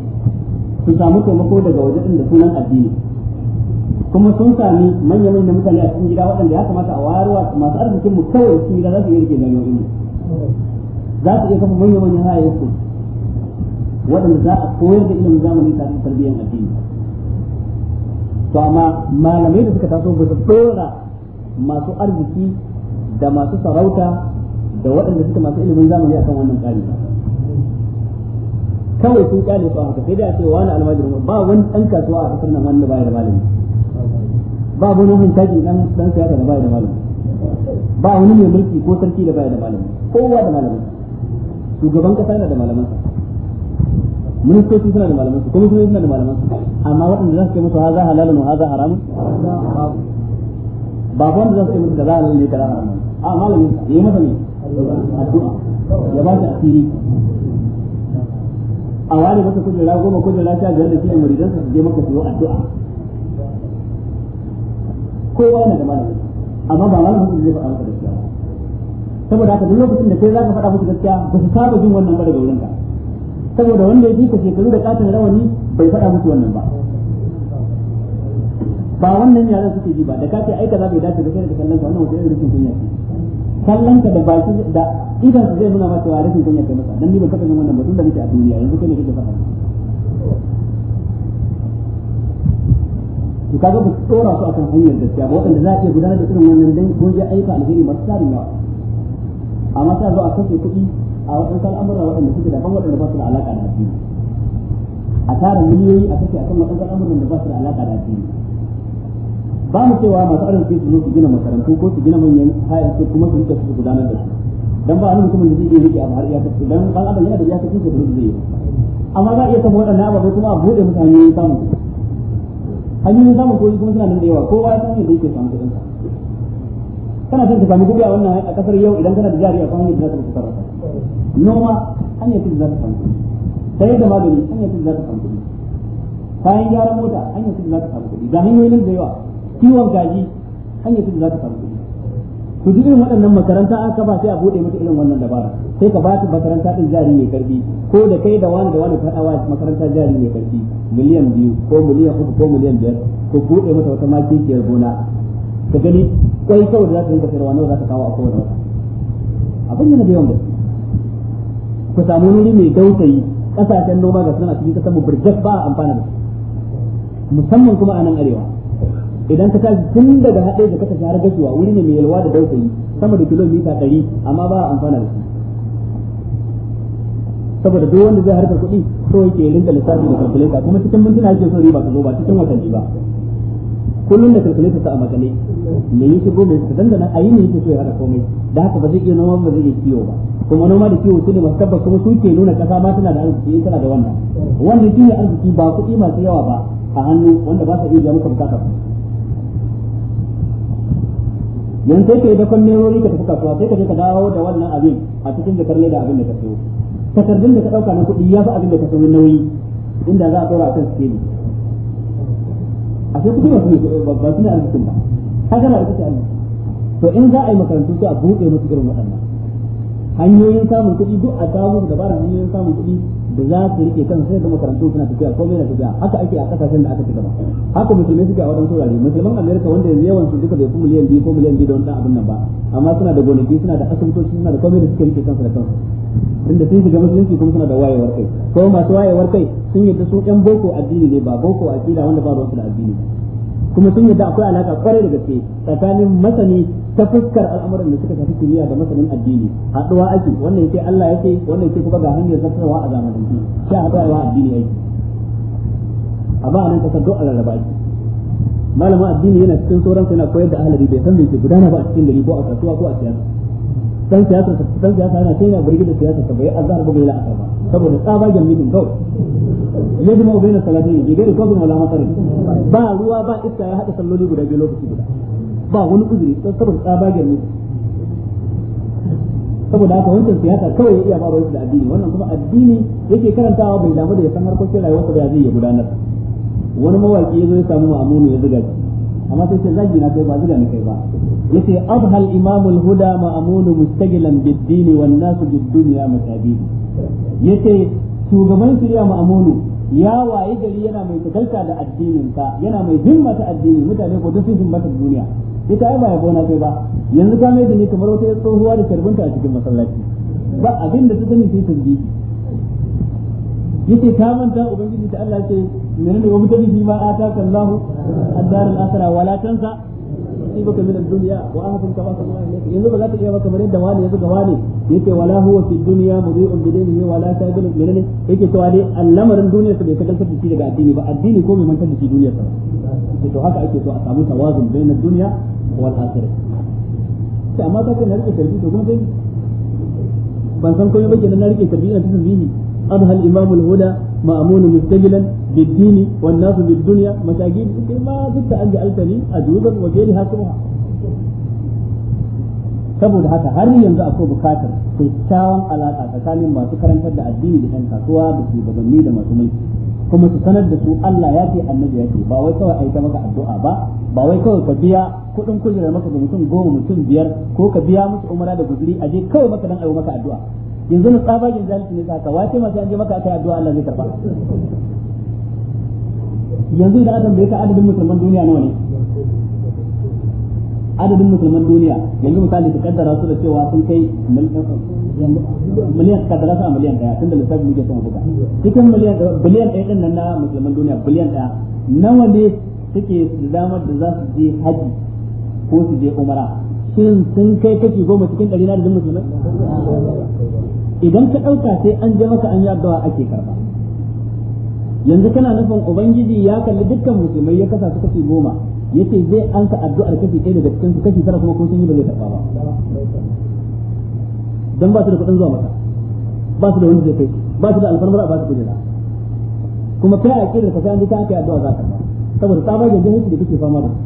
su samu taimako daga waje ɗin da sunan addini kuma sun sami manya-manyan da mutane a cikin gida waɗanda ya kamata a wayarwa masu arzikin mu kawai cikin gida za su iya rike da yau ne za su iya kafa manya-manyan hayayen su waɗanda za a koyar da ilimin zamani tare da tarbiyyar addini to amma malamai da suka taso ba su dora masu arziki da masu sarauta da waɗanda suka masu ilimin zamani akan wannan ƙari kawai sun kyale ba haka sai dai a ce wa wani almajiri ba wani dan kasuwa a kasar nan wanda baya da malami ba wani taji dan dan siyasa da baya da malami ba wani mai mulki ko sarki da baya da malami kowa da malami shugaban kasa na da malamansa ministoci suna da su kuma suna suna da su amma waɗanda za su ce musu ha za halalun ha za haramun ba ba wanda za su ce musu kaza halalun ne kaza haramun a malami ya yi masa ne addu'a ya ba shi asiri a wani masa kujera goma kujera sha biyar da shi muridan su je maka su yi addu'a kowa yana da malami amma ba malamin su zai faɗa maka gaskiya saboda haka duk lokacin da kai za ka faɗa musu gaskiya ba su saba jin wannan ba daga ka. saboda wanda ya ji ka shekaru da katin rawani bai faɗa musu wannan ba ba wannan yaran suke ji ba da ka ce aika za ka yi dace da kai da kallon ka wannan wajen rikin kunya ce kallon ka da baki da idan su zai nuna ma cewa rashin kunya kai masa dan ni ban taɓa yin wannan mutum da nake a duniya yanzu kai ne kake faɗa to kaga ba tsora su akan hanyar gaskiya ba waɗanda za a iya gudanar da irin wannan dan ko ya aika alheri masu tsari yawa amma sai zo a kashe kuɗi a waɗansu al'amura waɗanda suke daban waɗanda ba su da alaƙa da addini a tara miliyoyi a kashe akan waɗansu al'amuran da ba su da alaƙa da addini ba mu cewa masu arziki su zo su gina makarantu ko su gina manyan hayar su kuma su rika su gudanar da su dan ba wani mutumin da zai iya rike abu har iyaka su dan ban adam yana da iyaka su da zai yi amma za a iya samu waɗannan ababe kuma a buɗe mutane ne samun kuɗi hanyoyin samun kuɗi kuma suna nan da yawa kowa ya san yadda yake samun kuɗin kana son ka sami kuɗi a wannan a kasar yau idan kana da jari a kwanan yadda za ka sarrafa noma hanyar ce za ka samu kuɗi sayar da magani hanyar ce za ka samu kuɗi kayan gyaran mota hanyar ce za ka samu kuɗi ga hanyoyin da yawa kiwon kaji hanyar da za ta samu ku to irin waɗannan makaranta aka ba sai a bude mata irin wannan dabara sai ka ba ta makaranta din jari mai karfi ko da kai da wani da wani faɗawa makaranta jari mai karfi miliyan biyu ko miliyan uku ko miliyan biyar ko bude mata wata makikiyar gona ka gani kwai kawai da za ta yi tafiyarwa nawa za ta kawo a kowane wata abin yana da yawan gaske ku samu wuri mai dautayi kasashen noma ga suna a cikin kasar mu burjak ba a amfana da su, musamman kuma a nan arewa idan ka tashi tun daga haɗe da kasa har gashuwa wuri ne mai yalwa da dausayi sama da kilomita ɗari amma ba a amfana da shi saboda duk wanda zai harkar kuɗi so yake rinka lissafi da kalkuleta kuma cikin mintuna yake so riba ka zo ba cikin watanni ba kullum da kalkuleta ta a makale me yake go me ka dandana a yi ne yake so ya hada komai da haka ba zai iya noma ba zai iya kiwo ba kuma noma da kiwo su ne masu tabbas kuma su ke nuna kasa ma tana da arziki eh, tana da wannan wannan shine arziki ba kuɗi masu yawa ba a hannu wanda ba sa iya biya bukatar yanzu sai ka yi dakon nerori ka tafi kasuwa sai ka je ka dawo da wannan abin a cikin da jakar da abin da ka sayo takardun da ka dauka na kuɗi ya fi abin da ka sayo nauyi inda za a tsora a kan sikeli a sai kuɗi ba su ne arzikin ba haka gana da ce arziki to in za a yi makarantu sai a buɗe musu irin waɗannan hanyoyin samun kuɗi duk a samu dabarar hanyoyin samun kuɗi da za su rike kan sai da makarantu suna tafiya komai na tafiya haka ake a kasashen da aka ci gaba haka musulmai suke a wajen saurare musulman amerika wanda yanzu yawan su duka bai fi miliyan biyu ko miliyan biyu da wani abin nan ba amma suna da gonaki suna da asibitoci suna da komai da suke rike kansu da kansu tunda sun shiga musulunci kuma suna da wayewar kai ko masu wayewar kai sun yadda su yan boko addini ne ba boko akida wanda ba ruwansu da addini kuma sun yadda akwai alaka kwarai da gaske tsakanin masani ta fuskar al'amuran da suka tafi kimiyya da masanin addini haɗuwa ake wannan yake Allah yake wannan yake kuma ga hanyar zartarwa a zamanance sai haɗuwa addini aiki A a nan kasar duk a rarraba ake malamin addini yana cikin sauran yana koyar da ahalari bai san me gudana ba a cikin gari ko a kasuwa ko a siyasa dan siyasa dan siyasa yana sai yana burge da siyasa ta bai azhar ba bai la'asar ba saboda tsabagen mijin kawai ma'ubai baina salatin yajidu qawlan wala masarin ba ruwa ba iska ya haɗa salloli guda biyu lokaci guda ba wani uzuri don saboda tsabagen ne saboda haka wancan siyasa kawai ya iya ba da addini wannan kuma addini yake karantawa bai damu da ya san harkokin rayuwarsa da zai ya gudanar wani mawaki ya zo ya samu ma'amunu ya zuga shi amma sai ce zagi na kai ba zuga ni kai ba yace abhal imamul huda ma'amunu mustaqilan bid-din wan nas bid-dunya masabih yace shugaban shirya ma'amunu ya waye gari yana mai tagalta da addinin ka yana mai himmata addini mutane ko duk sun himmata duniya ita ai ba ya na kai ba yanzu ka mai da ni kamar wata tsohuwa da karbinta a cikin masallaci ba abin da ta sani sai tasbihi yake ta manta ubangiji ta Allah ce menene wa mutabihi ma ataka Allah ad al-akhirah wala tansa nasibaka min ad-dunya wa ahsan kama ba za ka iya ba kamar yadda wani yanzu ga wani yake wala huwa fi dunya mudhi'un bi wala tajil bi dinihi yake cewa dai al'amarin duniyar sa bai kadantar da daga addini ba addini ko bai mantar da shi duniyar sa to haka ake so a samu tawazun bainad dunya wal akhirah sai amma ka ce na to san komai ba kenan na rike tarbi ina cikin zihni adha al-imam بالدين والناس بالدنيا مساجين ما كنت أن جعلتني أجوبا وغيرها كلها saboda haka har yanzu akwai bukatar kyakkyawan alaƙa tsakanin masu karantar da addini da ɗan kasuwa da shugabanni da masu mulki kuma su sanar da su Allah ya ce annabi ya ce ba wai kawai aika maka addu'a ba ba wai kawai ka biya kuɗin kujera maka da mutum goma mutum biyar ko ka biya musu umara da guzuri a je kawai maka dan ayo maka addu'a yanzu na tsabagen zalunci ne saka wace masu an je maka aka addu'a Allah zai karba yanzu da adam da yake adadin musulman duniya nawa ne adadin musulman duniya yanzu misali ta kaddara su da cewa sun kai miliyan kaddara su a miliyan daya da lissafi muke son buga cikin miliyan biliyan daya din nan na musulman duniya biliyan daya nawa ne suke da damar da za su je haji ko su je umara shin sun kai kashi goma cikin ɗari na da musulmai idan ka ɗauka sai an je maka an yi addu'a ake karɓa yanzu kana nufin ubangiji ya kalli dukkan musulmai ya kasa su kashi goma yace zai ka addu'ar kashi ɗaya daga cikin su kashi tara kuma kun sun yi ba zai karɓa ba dan ba su da kuɗin zuwa mata ba su da wani zai kai ba su da alfarmar ba su kujera kuma kai a kira ka sai an ji ta aka addu'a za ka saboda ta jahilci da kake fama da su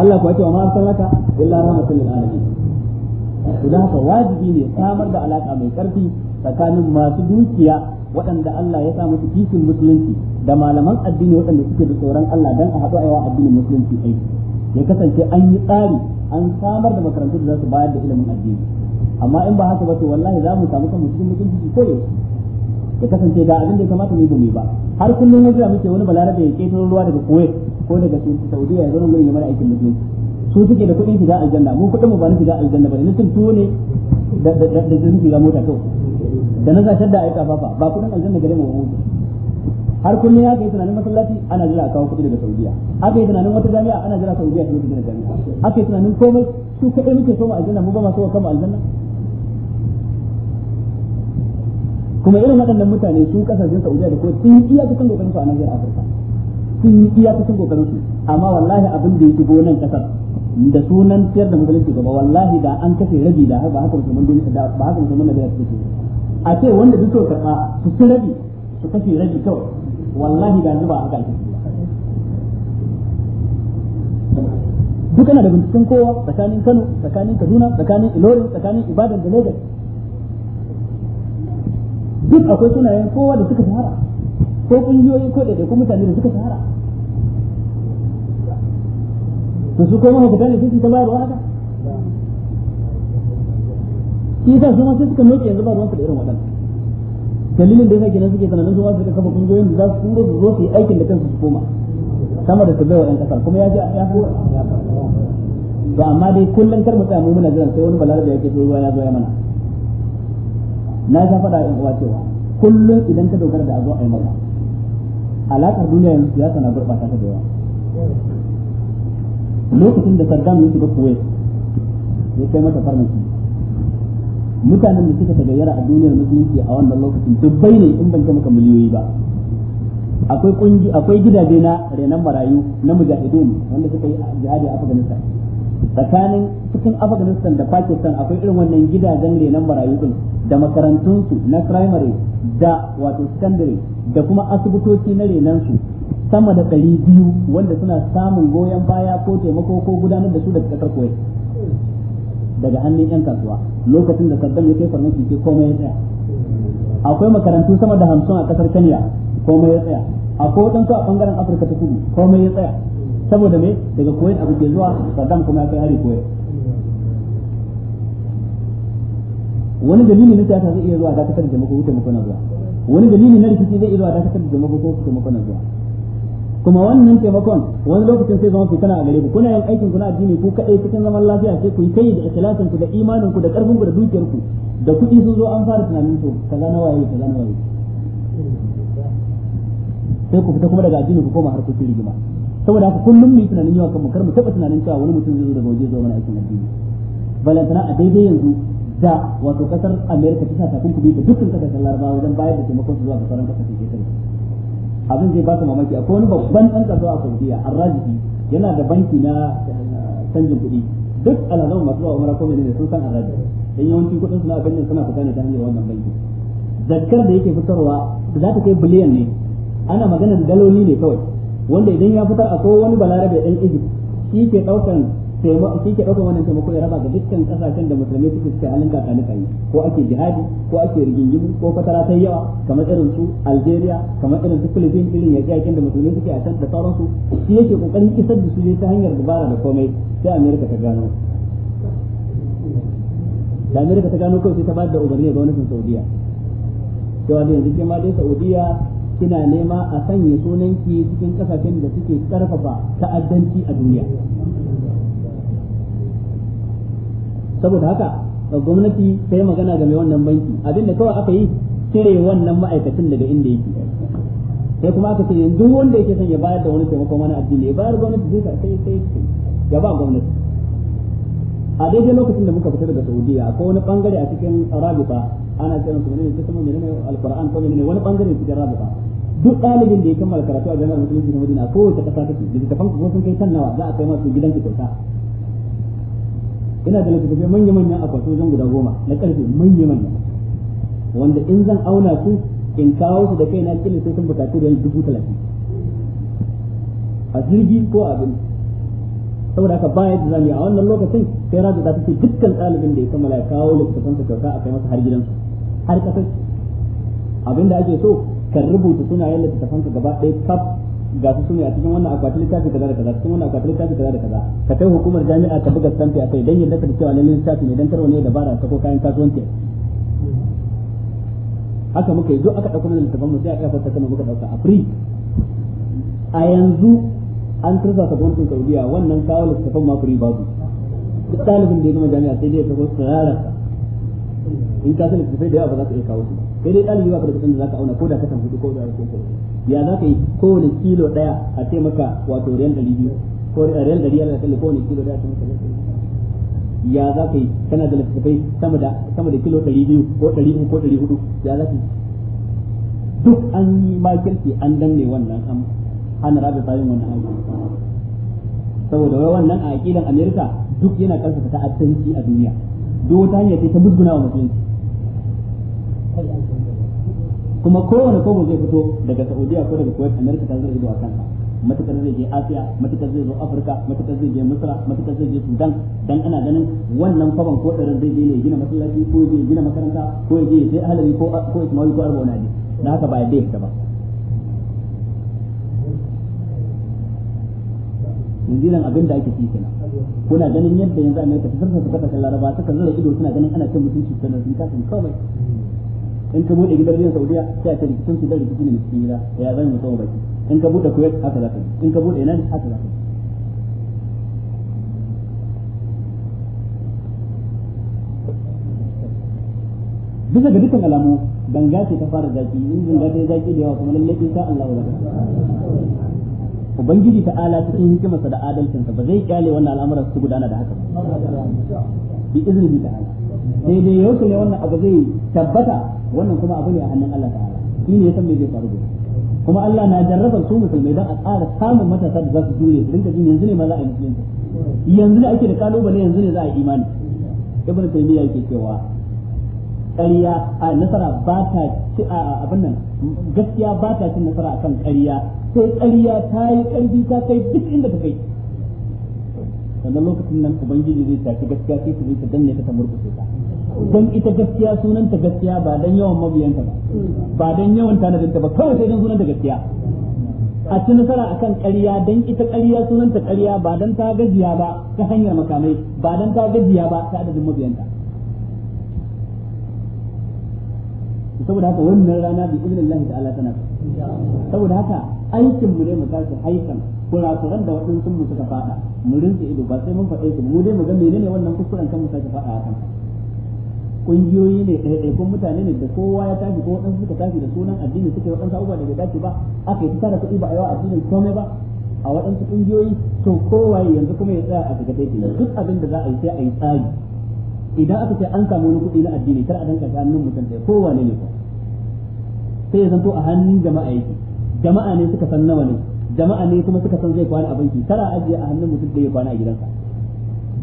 Allah ko ce wa ma arsalnaka illa rahmatan lil alamin to da haka wajibi ne samar da alaka mai karfi tsakanin masu dukiya waɗanda Allah ya sa musu kishin musulunci da malaman addini waɗanda suke da tsoron Allah dan a haɗu a yawa addinin musulunci aiki ya kasance an yi tsari an samar da makarantu da za su bayar da ilimin addini amma in ba haka ba to wallahi za mu samu kanmu cikin mutunci ko da ya kasance ga abin da ya kamata mu yi ba har kullum wajen muke wani balarabe ya ketaro ruwa daga Kuwait ko daga Saudiya ya zama mai yi mana aikin musulunci su suke da kuɗin shiga aljanna mu kuɗin mu ba na shiga aljanna ba ne na tuwo ne da da da mota kawai da na zatar da a yi kafafa ba kudin aljanna gare mu hutu har kullum haka yi tunanin masallaci ana jira a kawo kudi daga saudiya haka yi tunanin wata jami'a ana jira saudiya ta wata jami'a haka yi tunanin komai su kaɗai muke so mu aljanna mu ba ma so kama aljanna kuma irin waɗannan mutane su kasashen saudiya da kuma sun yi iyakacin kokarin su a nan afirka sun yi iyakacin kokarin su amma wallahi abin da ya shigo nan ƙasar da sunan ciyar da musulunci gaba wallahi da an kashe rabi da ba haka musulman duniya ba haka musulman da ya suke a ce wanda duk sau karɓa su ci rabi su kashe rabi kawai wallahi ga zuba haka ake duk ana da binciken kowa tsakanin Kano tsakanin Kaduna tsakanin Ilorin tsakanin Ibadan da Lagos duk akwai sunayen kowa da suka shahara ko kungiyoyin ko da ko mutane da suka shahara to su ko ta ne sun ta bayarwa haka shi yasa su ma sai suka noke yanzu ba ruwansu da irin waɗannan dalilin da yasa kenan suke tunanin su ma suka kafa kungiyoyin da za su zo su zo su yi aikin da kansu su koma sama da su bai wa ɗan ƙasar kuma ya ji ya to amma dai kullum kar mu tsaya mu muna jiran sai wani balarabe yake so ruwa ya zo ya mana na ta faɗa a uwa cewa kullum idan ka dogara da a a yi maka alaƙar duniya yanzu siyasa na gurɓata ta da yawa lokacin da Saddam ya shiga Kuwait ya kai mata farmaki mutanen da suka tagayyara a duniyar musulunci a wannan lokacin dubbai ne in ban maka miliyoyi ba akwai kungi akwai gidaje na renan marayu na mujahidun wanda suka yi jihadi a Afghanistan tsakanin cikin Afghanistan da Pakistan akwai irin wannan gidajen renan marayu din da makarantun su na primary da wato secondary da kuma asibitoci na renan su sama da ɗari biyu wanda suna samun goyon baya ko taimako ko gudanar da su daga kasar Kuwait daga hannun yan kasuwa lokacin da saddam ya kai farmaki ke komai ya tsaya akwai makarantu sama da hamsin a kasar kenya komai ya tsaya akwai waɗansu a bangaren afirka ta kudu komai ya tsaya saboda me daga koyon abu ke zuwa saddam kuma ya kai hari koyon wani dalili na siyasa zai iya zuwa dakatar da mako wuce mako na zuwa wani dalili na rikici zai iya zuwa dakatar da mako ko wuce mako na zuwa kuma wannan taimakon wani lokacin sai zama fitana a gare ku kuna yin aikin ku na addini ku kadai cikin zaman lafiya sai ku yi tayi da ikhlasin ku da imanin ku da karfin ku da dukiyar ku da kuɗi sun zo an fara tunanin to kaza na waye kaza na waye sai ku fita kuma daga addini ku koma harkokin rigima saboda haka kullum mu yi tunanin yawa kanmu kar mu taɓa tunanin cewa wani mutum zai zo daga waje zuwa mana aikin addini balantana a daidai yanzu da wato kasar america ta sa takunkumi da dukkan kasashen larabawa wajen bayar da taimakon su zuwa ga sauran kasashen shekaru abin zai su mamaki akwai wani babban dan kasuwa a Saudiya Arrajiki yana da banki na canjin kuɗi duk alazan masu zuwa umara ko ne sun san Arrajiki dan yawancin kuɗin suna ganin suna fita ne ta hanyar wannan banki zakkar da yake fitarwa za ta kai biliyan ne ana maganar daloli ne kawai wanda idan ya fitar a wani balarabe dan Egypt shi ke ɗaukan. taimako shi ke ɗaukar wannan taimako ya raba ga dukkan ƙasashen da musulmi suka suke halin kakanuka yi ko ake jihadi ko ake rigingimu ko fatara ta yawa kamar irin su Algeria kamar irin su filifin irin ya yaƙin da musulmi suke a can da sauransu shi yake ƙoƙarin isar da su ne ta hanyar dabara da komai sai Amerika ta gano da Amerika ta gano kawai sai ta ba da umarni ga gwamnatin Saudiya to da yanzu ke ma dai Saudiya kina nema a sanya sunanki cikin kasashen da suke karfafa ta'addanci a duniya saboda haka gwamnati ta yi magana game wannan banki abin da kawai aka yi cire wannan ma'aikacin daga inda yake sai kuma aka ce yanzu wanda yake son ya bayar da wani taimakon wani addini ya bayar gwamnati zai sai sai ya ba gwamnati a daidai lokacin da muka fita daga Saudiya akwai wani bangare a cikin Rabita ana kiran su ne ta kuma ne Alquran ko ne wani bangare cikin Rabita duk ɗalibin da ya kammala karatu a jami'ar musulunci na Madina kowace ƙasa take kafan ko sun kai kan nawa za a kai masu gidan kyauta ina da littattafai manya manyan akwati wajen guda goma na karfe manya manya wanda in zan auna su in kawo su da kaina kila sai sun bukatu da dubu talatin a jirgi ko abin saboda haka baya da zamu a wannan lokacin sai ra da take dukkan ɗalibin da ya kammala ya kawo littattafan sa kyauta a kai masa har gidansu har kasar abinda ake so kan rubuta sunayen littattafan ka gaba ɗaya kaf ga su sune a cikin wannan akwatin littafi kaza da kaza cikin wannan akwatin littafi kaza da kaza ka kai hukumar jami'a ka buga stamp a kai dan yadda ka cewa ne littafi ne dan tarwa ne dabara ta ko kayan kasuwanci haka muka yi duk aka dauko nan littafin mu sai aka fata kana muka dauka a free a yanzu an tursa ka gwamnatin Saudiya wannan kawo littafin ma free babu duk dalibin da ya gama jami'a sai dai ya tafi tsarara in ka san littafai da yawa ba za ka iya kawo su ba sai dai ɗalibi ba ka da kuɗin da zaka auna ko da ka hudu ko da ko ko ya za ka yi kowane kilo ɗaya a ce maka wato riyal ɗari biyu ko riyal ɗari yana kalli kowane kilo ɗaya a ce maka ya za ka yi kana da littattafai sama da sama da kilo ɗari biyu ko ɗari uku ko ɗari hudu ya za ka yi duk an yi makirci an danne wannan an hana rabe tsarin wannan aiki saboda wai wannan a aqidan America duk yana karfafa ta'addanci a duniya duk wata hanyar ce ta musguna wa musulunci kuma kowane kobo zai fito daga Saudiya ko daga Kuwait amerika ta zai zo a kansa matakar zai je Asiya matakar zai zo Afirka matakar zai je Misra matakar zai je Sudan dan ana ganin wannan kwaban ko ɗarin zai je ne gina masallaci ko ya gina makaranta ko ya je ya sai ahalari ko ko Ismail ko Arba Nadi na haka ba ya dai fita ba yanzu nan abin da ake ci kenan kuna ganin yadda yanzu Amerika ta kasa kan Laraba suka zara ido suna ganin ana cin mutunci sannan sun kasa kawai in ka bude gidan rediyon Saudiya sai a ce sun su da rikicin ne cikin gida ya zan mutum baki in ka bude Kuwait haka za ka yi in ka bude nan haka za ka yi bisa ga dukkan alamu ganga gashi ta fara zaki in gashi ta zaki da yawa kuma lalle sa Allah wa ubangiji ta'ala cikin hikimarsa da adalcinsa ba zai kyale wannan al'amuran su gudana da haka ba bi izini ala daidai yau ne wannan abu zai tabbata wannan kuma abu ne a hannun Allah ta'ala shi ne ya san zai faru kuma Allah na jarrabar su musulmai don a tsara samun matasa da za su jure su dinka jin yanzu ne ma za a yi musulunci yanzu ne ake da kalubale yanzu ne za a yi imani ibnu taymiya yake cewa ƙarya a nasara ba ta ci a abin nan gaskiya ba ta cin nasara akan ƙarya sai ƙarya ta yi ƙarfi ta kai duk inda ta kai sannan lokacin nan ubangiji zai tafi gaskiya sai su ta danne ta murkushe ta don ita gaskiya sunan ta gaskiya ba dan yawan mabiyanta ba ba dan yawan tanadinta ba kawai sai dan sunan ta gaskiya a ci nasara akan ƙarya dan ita ƙarya sunan ta ƙarya ba dan ta gajiya ba ta hanyar makamai ba dan ta gajiya ba ta adadin mabiyanta saboda haka wannan rana bi idnillahi ta'ala tana saboda haka aikin mu ne mu tashi haikan kurakuran da waɗansu mu suka fada mu rinsa ido ba sai mun faɗe su mu dai mu ga menene wannan kuskuren kan mu tashi fada hakan kungiyoyi ne ɗaiɗaikun mutane ne da kowa ya tashi ko waɗansu suka tashi da sunan addini suka yi waɗansu abubuwa da bai dace ba aka yi ta da kuɗi ba a yawa addinin komai ba a waɗansu kungiyoyi to kowaye yanzu kuma ya tsaya a daga daidai duk abin da za a yi sai a yi tsari idan aka ce an samu wani kuɗi na addini kar a danka ta hannun mutum ɗaya kowa ne ne ko sai ya zanto a hannun jama'a yake jama'a ne suka san nawa ne jama'a ne kuma suka san zai kwana a banki tara ajiye a hannun mutum da ya kwana a gidansa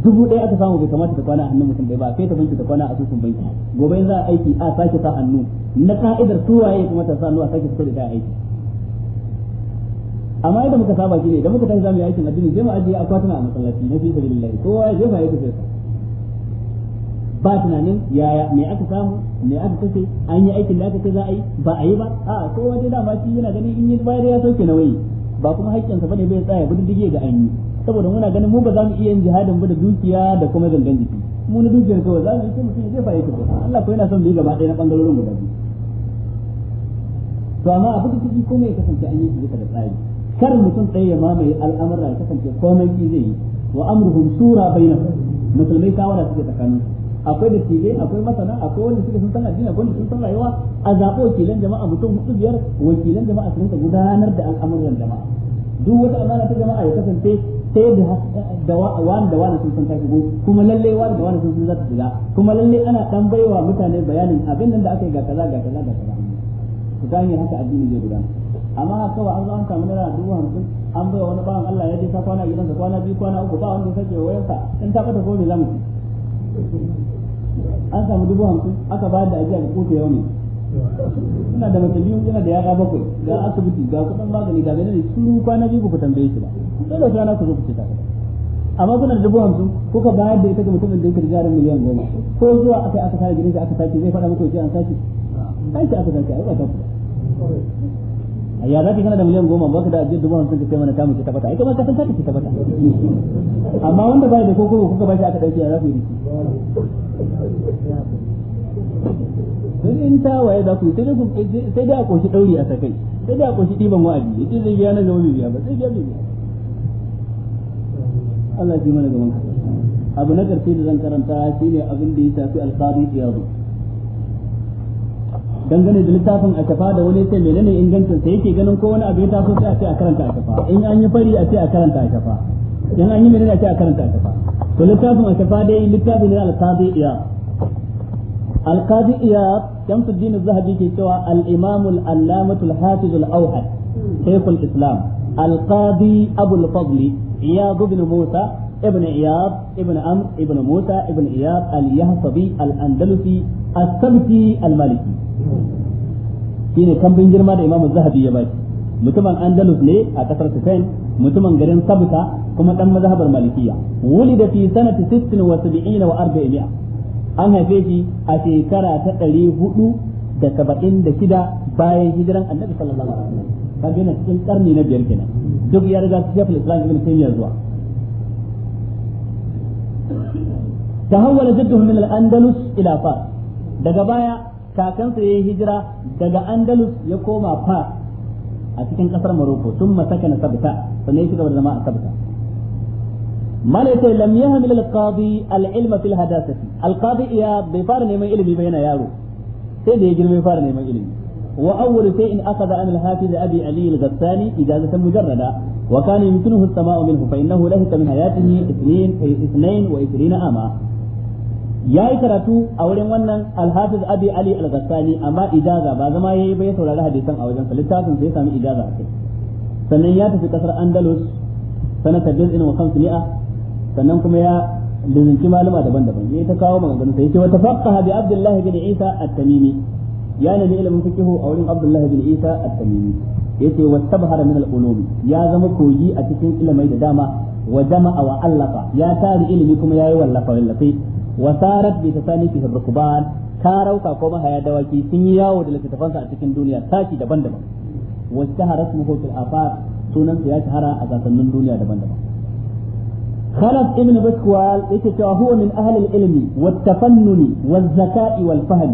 dubu ɗaya aka samu bai kamata ta kwana a hannun mutum ɗaya ba a ta banki ta kwana a asusun banki gobe in za a aiki a sake sa hannu na ka'idar tuwaye kuma ta sa hannu a sake fito da ta aiki amma yadda muka saba shi ne idan muka tashi zamu yi aikin addini sai mu ajiye akwatuna a masallaci na fi sabilillah kowa ya jefa ya tafi ba tunanin yaya me aka samu me aka kace an yi aikin da aka ce za a yi ba a yi ba a ko wani dama shi yana ganin in yi bayar ya sauke waye ba kuma haƙƙinsa bane bai tsaya bi dige ga an yi saboda muna ganin mu ba za mu iya yin jihadin ba da dukiya da kuma zangan jiki mu na dukiyar kawai za mu yi mutum zai fa'i ko Allah ko yana son mu gaba ɗaya na ɓangarorin guda biyu to amma abu da kike kuma ya kasance an yi shi da tsari kar mutum tsaye ya mamaye al'amura ya kasance komai shi zai yi wa amruhum sura bainahum musulmai shawara suke tsakaninsu akwai da tilai akwai masana akwai wanda suka sun san addini akwai wanda sun san rayuwa a zaɓo wakilan jama'a mutum hudu biyar wakilan jama'a sun ta gudanar da al'amuran jama'a duk wata amana ta jama'a ya kasance sai da wani da wani sun san ta shigo kuma lalle wani da wani sun san za ta shiga kuma lalle ana dan baiwa mutane bayanin abin nan da aka yi ga kaza ga kaza ga kaza ku ta hanyar haka addini zai gudana amma kawai an zo an samu naira dubu hamsin an baiwa wani bawan Allah ya je ta kwana gidansa kwana biyu kwana uku ba wanda ya sake wayarsa in ta bata ko me mu ci an samu dubu hamsin aka ba da ajiya ga kotu yau ne ina da mace biyu yana da yara bakwai ga asibiti ga kudin magani ga menene sun yi kwana biyu ku tambaye shi ba dole wata rana ku zo ku ce tare amma kuna da dubu hamsin kuka bayar da ita ga mutumin da ya karbi jarin miliyan goma ko zuwa aka aka sake gidan shi aka sake zai faɗa muku ya ce an sake sake aka sake yi ba ta ku ya za ka kana da miliyan goma ba ka da ajiyar dubu hamsin ka kai mana kamun ce ta fata ai kamar ka san taka ce ta amma wanda ba da koko kuka ba shi aka dauke ya za ku yi sun in ta waye za ku yi sai dai a koshi dauri a sakai sai dai a koshi diban wa'adi ce zai biya na zama biya ba sai biya biya Allah ya ji mana gaban abu na karshe da zan karanta shine abin da ya shafi alqadi iyadu dangane da littafin a kafa da wani sai menene ingancin sa yake ganin ko wani abu ya taso sai a ce a karanta a kafa in an yi fari a ce a karanta a kafa in an yi menene a ce a karanta a kafa to littafin a kafa dai littafin ne al qadiya iya al qadiya iya Shamsuddin Az-Zahabi ke cewa al-Imam al-Allamah al-Hafiz al-Awhad Shaykhul Islam al-Qadi Abu al-Fadl Iyad ibn Musa ابن اياب ابن امر ابن موسى ابن اياب اليهصبي الاندلسي السبتي المالكي shine kambin girma da imamu zahabi ya baki mutumin andalus ne a kasar spain mutumin garin sabta kuma dan mazhabar malikiya wulida fi 76 wa wa 400 an haife shi a shekara ta 400 da 76 bayan hijiran annabi sallallahu alaihi wasallam kan cikin karni na biyar kenan duk ya riga shekul islam ibn taymiyyah zuwa tahawwala jadduhu min al-andalus ila fas daga baya kakansa ya yi hijira daga andalus ya koma fas a cikin kasar maroko tun masakana sabta sannan ya shiga da zama a sabta mana yace lam yahmil al-qadi al hadasati al-qadi ya bai fara neman ilimi ba yana yaro sai da ya girme fara neman ilimi وأول شيء أخذ عن الحافظ أبي علي الغساني إجازة مجردة وكان يمكنه السماع منه فإنه لهت من حياته اثنين اثنين وعشرين عاما ya yi karatu a wurin wannan alhafiz abi ali al-ghassani amma ijaza ba zama yayi bai saurari hadisan a wajen littafin sai ya sami ijaza a kai sannan ya tafi kasar andalus sanata jiz'in wa khamsini'a sannan kuma ya lizinci malama daban-daban ta kawo maganganu sai ce wa tafaqqa bi abdullah bin isa at ya nemi ilimin fikihu a wurin Abdullahi bin Isa a tamimi yace wastabhara min al-ulum ya zama koyi a cikin ilimai da dama wa jama'a wa allafa ya tari ilimi kuma ya yi wallafa wallafe wa sarat bi tasanifi ar-rukban karauka ko mahaya dawaki sun yi yawo da littafansa a cikin duniya taki daban-daban wa shahara ismuhu fil afar sunansa ya shahara a kasannin duniya daban-daban خلف ابن بكوال يتشاهو من أهل العلم والتفنن والذكاء والفهم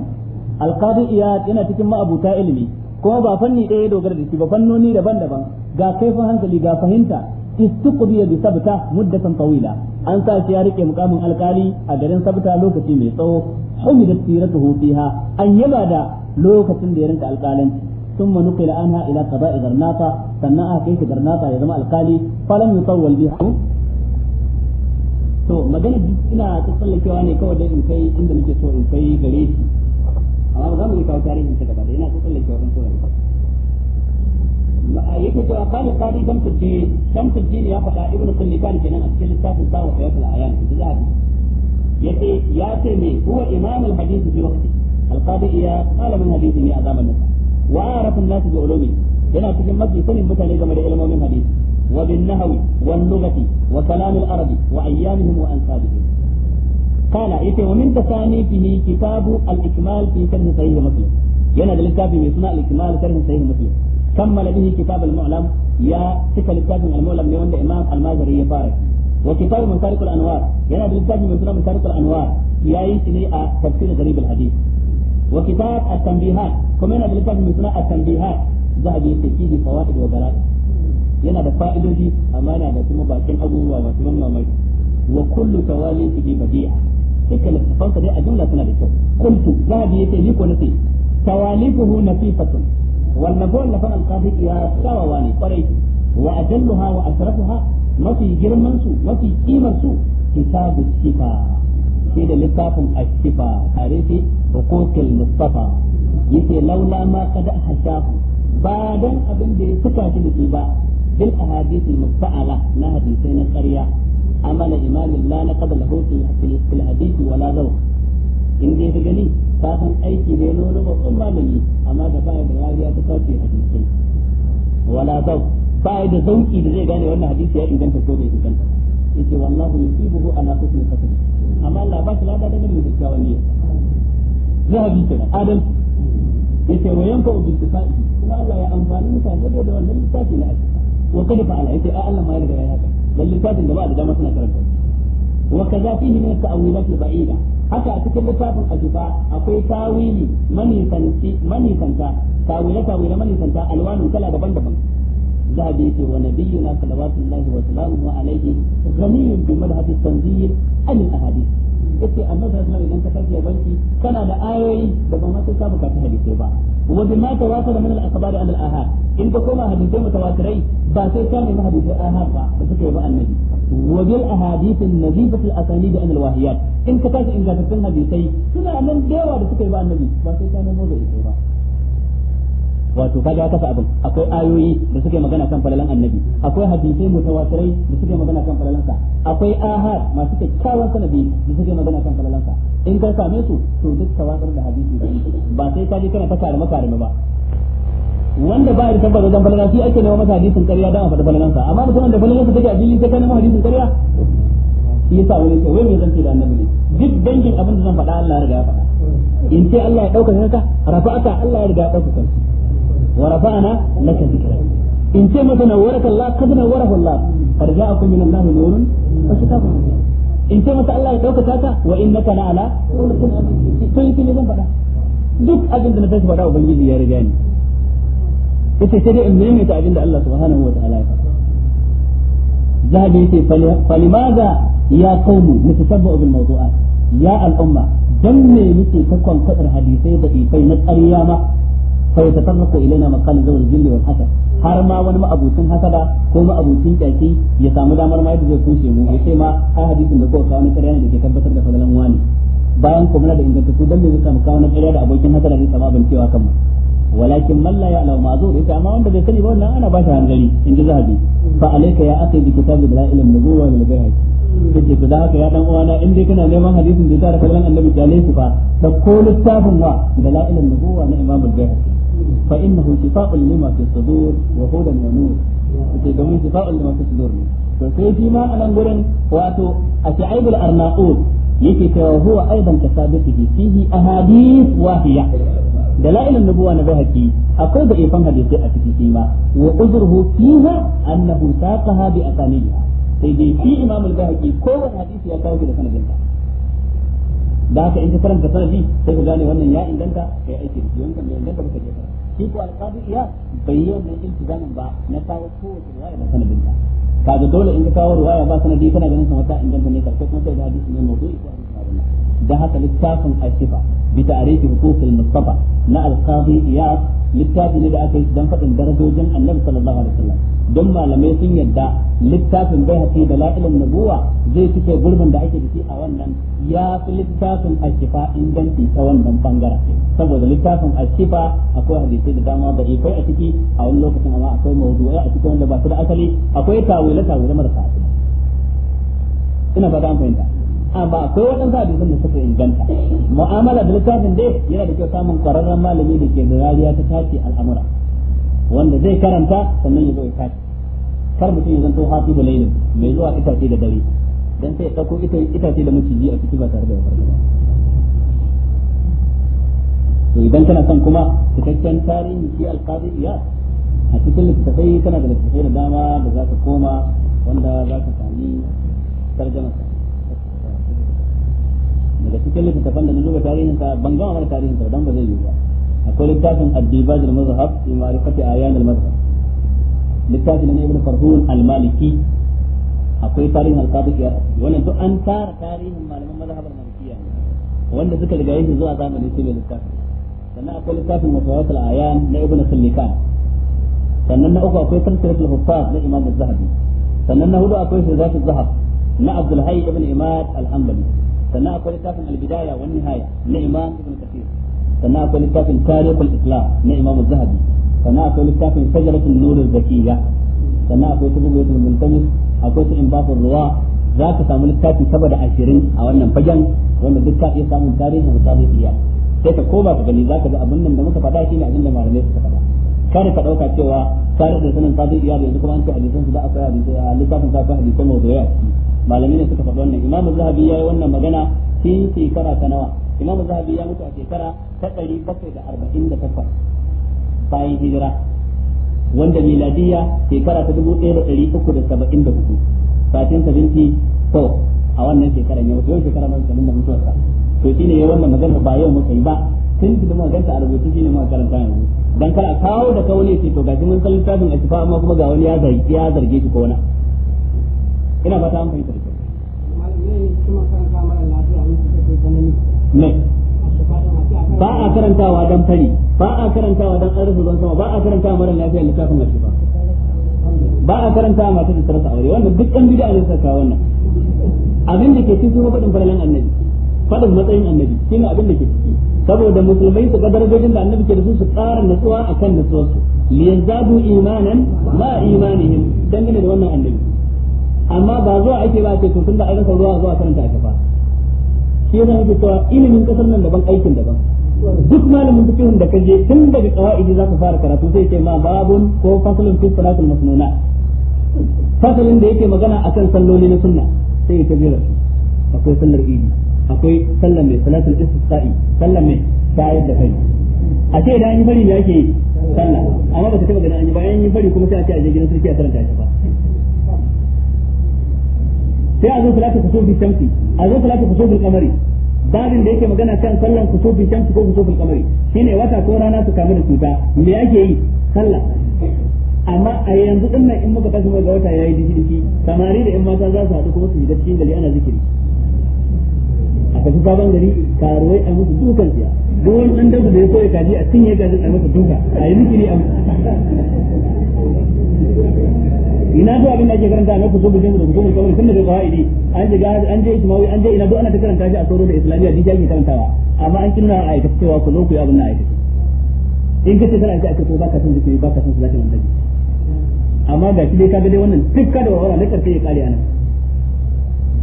alqadi iya yana cikin ma'abuta ilimi kuma ba fanni ɗaya ya dogara da shi ba fannoni daban-daban ga kaifin hankali ga fahimta istiqdiya bi sabta muddatan tawila an sa shi ya rike mukamin alkali a garin sabta lokaci mai tsawo humidat siratuhu fiha an yaba da lokacin da ya rinka alkalanci ثم نقل عنها الى قضاء غرناطة سنة كيف غرناطة يا جماعة القالي فلم يطول بها to magana ina ta tsallakewa ne kawai da in kai inda nake so in kai gare amma za mu yi kawo tarihin ta gaba da yana tsotsin lake wajen tsoron ba yake cewa kali kali dan kuji dan kuji ne ya faɗa ibnu kullikan kenan a cikin littafin sa wa fayatul ayan zabi yace ya ce me huwa imam al hadith bi waqti al qadi ya qala min hadith ya azama nas wa arafa an nas bi ulumi yana cikin mafi sanin mutane game da ilmomin hadith wa bin nahwi wal lughati wa kalam al arabi wa ayyamihim wa ansabihim قال يتي ومن به كتاب الإكمال في سنه صحيح مسلم. ينا ذا الكتاب يسمى الإكمال في سنه صحيح مسلم. كمل به كتاب المعلم يا سكة الكتاب المعلم لون إمام الماجري يفارك وكتاب من تارك الأنوار ينا ذا الكتاب يسمى من تارك الأنوار يا يسمى آه، تفسير غريب الحديث وكتاب التنبيهات كم كمان ذا الكتاب يسمى التنبيهات ذهب بيستكيد فوائد وبرائد ينا ذا فائدوه أمانة ذا سمو باكين أبوه وما سمو wa kullu tawalin fi badi'a duka littafan ka dai a jumla suna da kyau kuntu zahabi yace ni ko nace tawalifuhu nafifatun wal mabul la fa al qadi ya sawawani qarai wa ajalluha wa asrafuha mafi girman su mafi kimar su kitabu shifa shi da littafin ashifa tare da hukukul mustafa yake laula ma kada hashahu ba dan abin da ya suka shi da shi ba bil ahadith al musta'ala na hadisai na ƙarya عمل إمام لا نقد له في الحديث ولا ذوق in dai ka gani ka san aiki ne na wani babban malami amma da baya da rariya ta sauke wala zau baya da zauki da zai gane wannan hadisi ya inganta ko bai inganta yace wallahu yusibuhu ala husni qasdi amma Allah ba da da wa yanfa bi kuma Allah ya amfani mutane da wannan lissafi na aiki wa kada fa ala yace Allah ma ya riga ya haka dan littafin da ba da dama suna karanta wa kaza fihi min ta'awilat ba'ida haka a cikin littafin ajiba akwai tawili manifanci manifanta tawila tawila manifanta alwanu kala daban-daban ذهب ونبينا صلوات الله وسلامه عليه غني بمذهب التنزيل عن الاحاديث yace amma sai kuma idan ka tafiya banki kana da ayoyi da ba ma sai ka bukata hadisi ba wa bi ma tawasala min al-akhbar an al-ahad in ka koma hadisai mutawatirai ba sai ka nemi hadisai ahad ba da suka yi ba annabi wa bil ahadith an-nazifat al-asanid an al-wahiyat in ka tashi ingantattun hadisai suna nan da da suka yi ba annabi ba sai ka nemo da ita ba wato kaga ga kasa abin akwai ayoyi da suke magana kan falalan annabi akwai hadisai mutawatirai da suke magana kan falalan sa akwai ahad masu kyakkyawan sanadi da suke magana kan falalan sa in ka same su to duk tawatar da hadisi ba sai ka je kana ta karama karama ba wanda ba ya tabbata dan falalan shi ake nema masa hadisin ƙarya dan a falalan sa amma mutumin da sa take a fili sai ka nema hadisin ƙarya shi yasa wani ce wai me zan ce da annabi ne duk dangin abin da zan faɗa Allah ya riga ya faɗa in ce Allah ya ɗaukaka ka rafa'aka Allah ya riga ya ɗaukaka ka wa rafa'ana laka dhikra in ce mata nawwaraka Allah kad nawwarahu Allah qad ja'akum min Allah nurun in ce mata Allah ya daukaka ta wa innaka duk abin da na tashi faɗa ubangiji ya riga ni yace sai dai in maimaita abin da Allah subhanahu wa ta'ala ya faɗa zahabi yace falimaza ya qaumu natasabba'u bil mawdu'at ya al'umma dan me muke ta kwankwadar hadisai da ifai na ƙarya ma fa yatatarraqu ilaina maqal zawal jilli wal hasad har ma wani ma'abucin hasada ko ma'abucin kyaki ya samu damar ma yadda zai kushe mu ya ce ma ai hadisin da kowa wani karya da ke tabbatar da fadalan wani bayan kuma da ingantattu dan me zai samu kawo na karya da abokin hasada zai samu abancewa wanda ولكن من لا يعلم معذور إذا ما عندك سني وانا أنا باشا هنجلي إن ذهبي فعليك يا أخي بكتاب دلائل النبوة والبيهقي kace to da haka ya dan uwana in dai kana neman hadisin da ya tara kallon annabi da alaihi fa da ko littafin wa dalailun nubuwa na imam al-bayhaqi فإنه شفاء لما في الصدور وهدى ونور sai domin shifa'un lima fi sudur ne to sai shi ma anan gurin wato a sha'ibul ايضا yake فيه huwa واهية دلائل النبوة ahadith كي اقود النبوة نبهتي أقول بإيفان حديثي أتكيما وأذره فيها أنه ساقها بأسانيها سيدي في إمام البهكي كل حديث يقول في لسنة جنتا ذاك إن كرم كسنة دي سيقول لي وأن يا إن جنتا يا أيتي يوم كم يا إن جنتا بكتير shi ko alqadi iya bai yi wannan iltizamin ba na kawo kowace riwaya da sanadin ta kaga dole in ka kawo riwaya ba sanadi kana ganin kamar ta inganta ne karshe kuma sai da hadisi ne mawdu'i ko hadisi da haka littafin ashifa bi ta'rifi huquqil mustafa na alqadi iya littafi ne da aka yi dan faɗin darajojin annabi sallallahu alaihi wasallam don malamai sun yadda littafin bai haƙi da la'ilin nabuwa zai cike gurbin da ake da shi a wannan ya fi littafin ashifa inganci ta wannan bangaren saboda littafin ashifa akwai hadisai da dama da ikai a ciki a wani lokacin amma akwai mawdu'ai a ciki wanda ba su da asali akwai tawila tawila marasa asali ina ba an fahimta amma akwai waɗansu hadisan da suka inganta mu'amala da littafin dai yana da kyau samun ƙwararren malami da ke da rariya ta tace al'amura wanda zai karanta sannan ya zo ya tace kar mutum ya zanto hafi da lailin mai zuwa itace da dare dan sai ya dauko ita itace da maciji a ciki ba tare da ya to idan kana son kuma cikakken tarihi shi alqadi iya a cikin littattafai kana da littattafai da dama da za ka koma wanda za ka sami tarjama daga cikin da na zuba tarihin sa ban gama mana tarihin sa dan ba zai yi ba akwai littafin addibaj al-mazhab fi ma'rifati ayan al-mazhab littafin ibn farhun al-maliki akwai tarihin wannan duk an tara tarihin malaman mazhabar malikiya wanda suka riga yin zuwa zamanin sai littafin sannan akwai littafin mutawat ayan na ibnu sannan na uku akwai huffaz na imam az-zahabi sannan na hudu akwai zahab na abdul hayy ibn imad al-hanbali sannan akwai littafin al-bidaya wa nihaya na imam kathir sannan akwai littafin islam na imam az-zahabi sannan akwai littafin zakiyya sannan akwai akwai su in su ruwa za ka samu littafi sama da ashirin a wannan fagen wanda duk ka iya samun tarihin misalin iya sai ka koma ka gani za ka ga abin nan da muka faɗa shi ne abin da malamai suka faɗa kare ka ɗauka cewa tare da sanin sabon iya yanzu kuma an ce hadisan su da aka yi a littafin sa akwai hadisan mawdu'a malamai ne suka faɗi wannan imamu zahabi ya yi wannan magana tun shekara ta nawa imamu zahabi ya mutu a shekara ta ɗari bakwai da arba'in da takwas bayan hijira wanda miladiya shekara ta dubu ɗaya da ɗari uku da saba'in da hudu satin sabinti ko a wannan shekaran yau yau shekara nan sabin da mutuwarsa to shi ne ya wannan magana ba yau muka yi ba tun da muka ganta a rubutu shi ne muka karanta yanzu dan kar a kawo da kawo ne ce to gashi mun san littafin a shifa amma kuma ga wani ya zargi ya zarge shi ko wani ina fata an fahimta da kyau. ne ba a karantawa dan fari ba a karantawa dan arzu don sama ba a karantawa mara lafiya littafin ashifa ba a karantawa masu da tsarsa aure wannan duk ɗan bid'a ne saka wannan abin da ke cikin kuma faɗin farlan annabi faɗin matsayin annabi shine abin da ke ciki saboda musulmai su ga darajojin da annabi ke da su su ƙara natsuwa akan natsuwarsu liyazdadu imanan ma imanihim dangane da wannan annabi amma ba zuwa ake ba ce to tun da an rasa ruwa zuwa karanta a ba shi ne ake cewa ilimin kasar nan daban aikin daban duk malamin fikihun da kaje tun daga qawaidi za ka fara karatu sai ce ma babun ko fasalun fi salatul masnuna fasalin da yake magana akan salloli na sunna sai ka jira akwai sallar idi akwai sallar mai salatul istisqa'i sallar mai bayar da kai a ce idan an yi fari me ake sallah amma ba ta taba gani an yi bayan yi bari kuma sai a ce a je gidan sarki a karanta shi ba sai a zo salatu kusubi shamsi a zo salatu kusubi kamari babin da yake magana kan sallan kusufi shamsu ko kusufin kamari shine wata ko rana su kamu da cuta me ake yi sallah amma a yanzu din nan in muka tashi ga wata yayi dishi dishi samari da yan mata za su haɗu kuma su yi cikin gari ana zikiri a tafi sabon gari karuwai a musu dukan siya don wani ɗan dabu da ya so ya kaji a cinye gajin a masa duka a yi zikiri a ina zuwa abin da ake karanta na kutubu jami'a da kutubu kawai zai kawai ne an je an je ismawi an je ina duk ana ta karanta shi a sauro da islamiyya duk jami'a karantawa amma an kinna a aikata cewa ku lokuya abin na aikata in kace kana ji aka ba ka san ba ka san nan annabi amma ga shi dai ka dai wannan duk da wa wala na karfe ya kare anan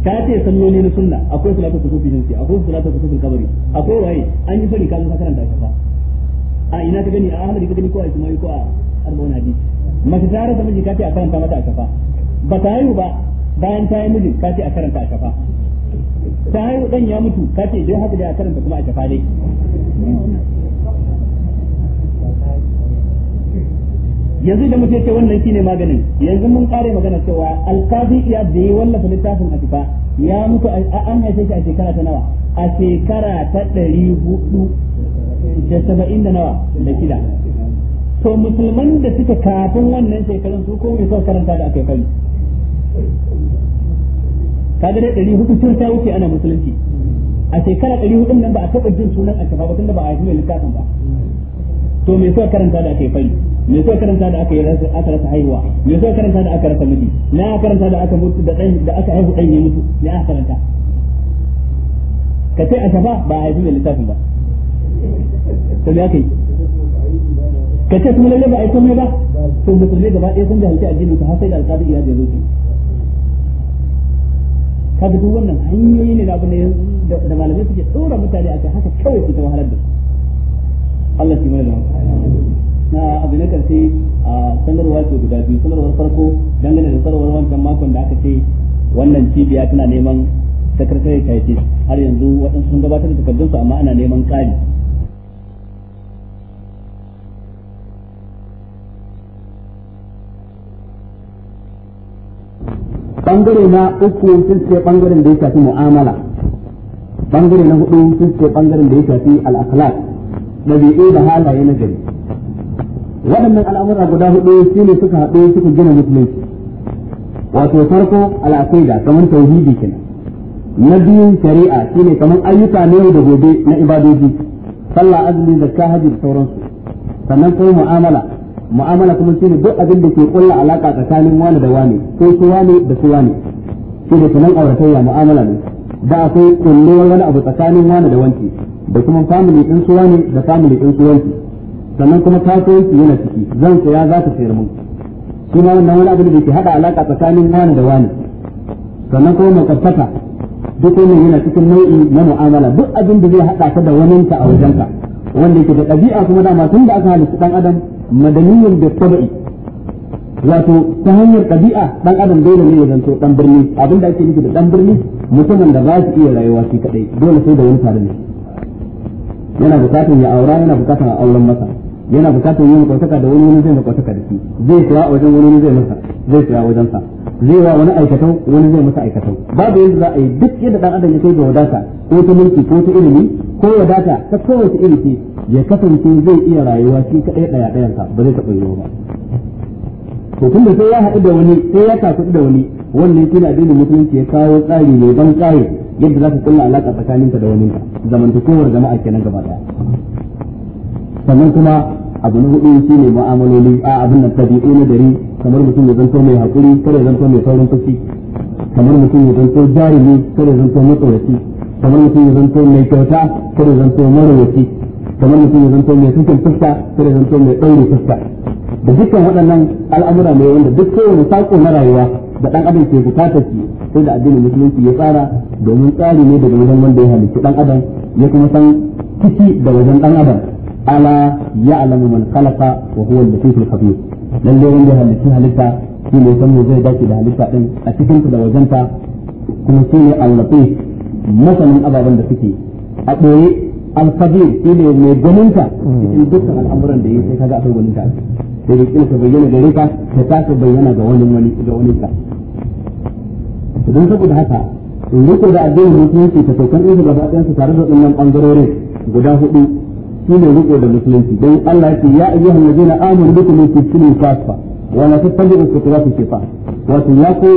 ka ce salloli na sunna akwai salatu kusufi jinsi akwai salatu kusufi kabari akwai waye an yi fari zo ka karanta ka fa a ina ta gani a Ahmadu ka gani ko a ismawi ko a Arba'un hadisi mace ta rasa miji kafi a karanta mata a kafa ba ta haihu ba bayan ta yi miji kafi a karanta a kafa ta haihu dan ya mutu kace idan haka da a karanta kuma a kafa dai yanzu da mutum ce wannan shine maganin yanzu mun kare magana cewa alkazi iya da yi wallafa littafin a kafa ya mutu a an haife shi a shekara ta nawa a shekara ta ɗari hudu da saba'in da nawa da shida to musulman da suka kafin wannan shekarun su ko mai karanta da aka yi kai kaga dai ɗari hudu sun ta wuce ana musulunci a shekara ɗari hudun nan ba a taɓa jin sunan alkafa ba tunda ba a yi mai littafin ba to mai suka karanta da aka yi fari me suka karanta da aka yi aka rasa haihuwa me suka karanta da aka rasa miji na aka karanta da aka mutu da da aka haihu ɗan ya mutu me aka karanta ka ce a shafa ba a yi mai littafin ba to ka ce sun lalle ba a yi komai ba to musulmai gaba ɗaya sun a jinin ka har sai da alƙadi ya je zuci ka duk wannan hanyoyi ne na abin da malamai suke tsora mutane a kai haka kawai su ta wahalar da Allah shi mai na abu na karshe a sanarwa ce guda biyu sanarwar farko dangane da sanarwar wancan makon da aka ce wannan cibiya tana neman sakatare ta har yanzu waɗansu sun gabatar da takardunsu amma ana neman kari bangare na uku sun ce bangaren da ya shafi mu'amala bangare na hudu sun ce bangaren da ya shafi al da dabi'u da halaye na gari waɗannan al'amura guda hudu su ne suka haɗu suka gina musulunci wato farko al'aqida kamar tauhidi kenan na biyun shari'a shine kamar ayyuka na yau da gobe na ibadoji sallah azumi zakka hajji da sauransu sannan kai mu'amala mu'amala kuma shine duk abin da ke kulla alaka tsakanin wani da wani ko su wani da su wani shi ne sanan auratayya mu'amala ne da akwai kullewar wani abu tsakanin wani da wanki da kuma family din su wani da family din su wanki sannan kuma kasuwanci yana ciki zan saya za ta sayar mun shi ma wannan wani abu da ke hada alaka tsakanin wani da wani sannan kuma makwabtaka duk wannan yana cikin nau'i na mu'amala duk abin da zai hada ka da waninka a wajenka wanda yake da ɗabi'a kuma dama tun da aka halitta ɗan adam madaniyun da tabi'i wato ta hanyar ɗabi'a ɗan adam dole ne ya zanto ɗan birni abin da ake nufi da ɗan birni mutumin da ba su iya rayuwa shi kaɗai dole sai da wani tare ne yana bukatar ya aura yana bukatar a auren masa yana bukatar yin kwataka da wani wani zai makwataka da shi zai tsaya a wajen wani zai masa zai tsaya wajen sa zai wa wani aikatau wani zai masa aikatau babu yadda za a yi duk yadda dan adam ya kai ga wadata ko ta mulki ko ta ilimi ko wadata ta kowace iri ce ya kasance zai iya rayuwa shi kadai daya ba zai taɓa yi ba to da sai ya haɗu da wani sai ya tafi da wani wannan shine addinin musulunci ya kawo tsari mai ban tsari yadda za ka kulla alaka ka da wani zamantakewar jama'a kenan gaba daya sannan kuma abu na hudu shine mu'amaloli a abin nan tabi'u na gari kamar mutum ya zanto mai haƙuri kare zanto mai saurin fushi kamar mutum ya zanto jarumi kare zanto matsoraci kamar mutum ya zanto mai kyauta kare zanto marowaci kamar mutum ya zanto mai sakin fuska kare zanto mai ɗaure fuska da dukkan waɗannan al'amura ne wanda duk kowane saƙo na rayuwa da ɗan adam ke bukatar shi sai da addinin musulunci ya tsara domin tsari ne daga wajen wanda ya halicci ɗan adam ya kuma san ciki da wajen ɗan adam ala ya alamu man khalaqa wa huwa al al khabir lalle wanda halittun halitta shi ne san zai dace da halitta din a cikin da wajenta kuma shi ne al-latif masanin ababen da suke a ɗoye al-kabir shi ne mai gwaninta cikin dukkan al'amuran da yake kaga akwai gwaninta sai da kila ka bayyana gare ka ka taka bayyana ga wani wani ga wani ka don saboda haka in riko da addinin musulunci ta saukan ɗinsu gaba ɗayansu tare da wannan ɓangarorin guda hudu shine riko da musulunci dan Allah yake ya ayyuhal ladina amanu bikum fi kulli kafa wa la tattabi'u khutuwati shifa wato ya ko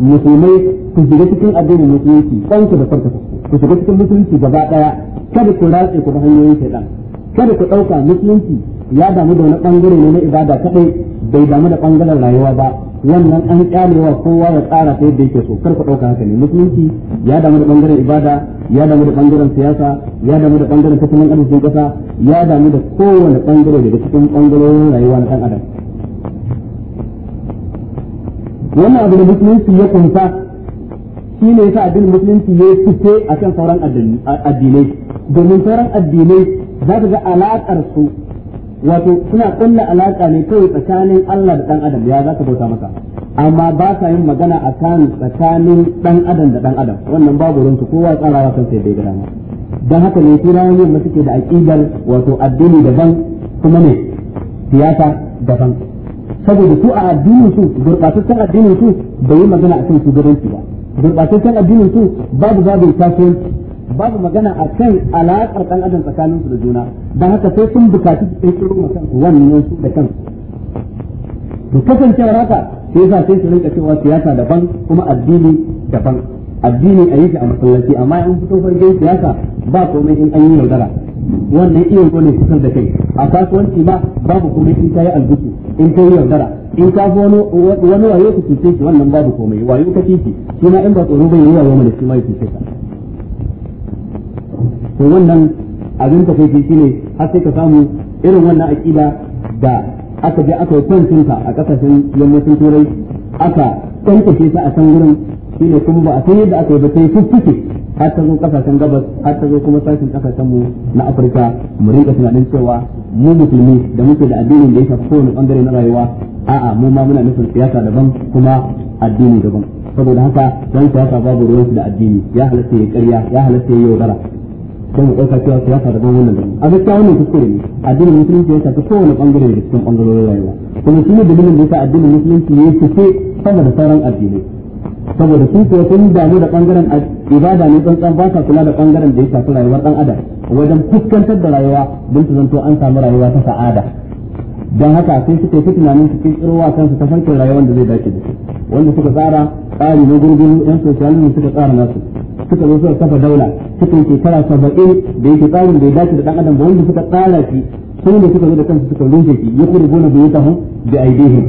musulmai ku shiga cikin addinin musulunci kanku da farka ku shiga cikin musulunci gaba daya kada ku ratse ku da hanyoyin shaytan kada ku ɗauka musulunci ya damu da wani bangare ne na ibada kaɗai bai damu da ɓangaren rayuwa ba wannan an kyalewa kowa ya tsara ta yadda yake so kar ku ɗauka haka ne musulunci ya damu da ɓangaren ibada ya damu da ɓangaren siyasa ya damu da ɓangaren tattalin arzikin ƙasa ya damu da kowane ɓangare daga cikin ɓangarorin rayuwa na ɗan adam wannan abu da musulunci ya kunsa shi ne yasa abin musulunci ya fice a kan sauran addinai domin sauran addinai za ka ga alaƙarsu su wato suna kulla alaƙa ne kawai tsakanin Allah da ɗan adam ya za ka bauta maka amma ba sa yin magana a kan tsakanin dan adam da ɗan adam wannan babu ruwansu kowa tsarawa kan sai bai gada dama don haka ne ne yamma suke da aƙidar wato addini daban kuma ne siyasa daban saboda su a addinin su gurɓataccen addinin su bai yi magana a kan shugabanci ba gurɓataccen addinin su babu babu kasuwanci babu magana a kan alaƙar ɗan adam tsakaninsu da juna da haka sai sun bukaci su ƙirƙiro ma wani wannan su da kan to kasancewar haka sai yasa sai su rinka cewa siyasa daban kuma addini daban addini a yi shi a masallaci amma in fito farkon siyasa ba komai in an yi yaudara wannan iya ne fitar da kai a kasuwanci ba babu komai in ka yi albusu in ka yi yaudara in ka fi wani wayo ka cuce shi wannan babu komai wayo ka cuce shi ma in ba tsoro bai yi wayo mana shi ma ya cuce ka to wannan abin ka kai ne har sai ka samu irin wannan aqida da aka je aka yi kwancin ta a kasashen yammacin turai aka tantance ta a can gurin ne kuma ba a san yadda aka yi ba sai fuffuke har ta zo kasashen gabas har ta zo kuma sashen kasashen mu na Afirka mu rinka tunanin cewa mu musulmi da muke da addinin da ya shafi kowane bangare na rayuwa a'a mu ma muna nufin siyasa daban kuma addini daban saboda haka dan siyasa babu ruwan da addini ya halatta ya karya ya halatta ya yaudara da mu ɗauka cewa siyasa daban wannan daban a gaskiya wannan kuskure ne addinin musulunci ya shafi kowane bangare daga cikin bangarorin rayuwa kuma shi ne dalilin da yasa addinin musulunci ya fice sama da sauran addinai saboda su kuwa sun damu da bangaren ibada ne tsantsan ba sa kula da bangaren da ya shafi rayuwar dan adam wajen kuskantar da rayuwa don su zanto an samu rayuwa ta sa'ada don haka sai suka fi tunanin su kirkiro wa kansu ta farkin rayuwar da zai dace da su wanda suka tsara tsari na gurgun yan socialism suka tsara nasu suka zo suka kafa daula suka yi shekara saba'in da yake tsarin bai dace da dan adam ba wanda suka tsara shi sun da suka zo da kansu suka rushe shi ya kuri na bai tahu da aidihim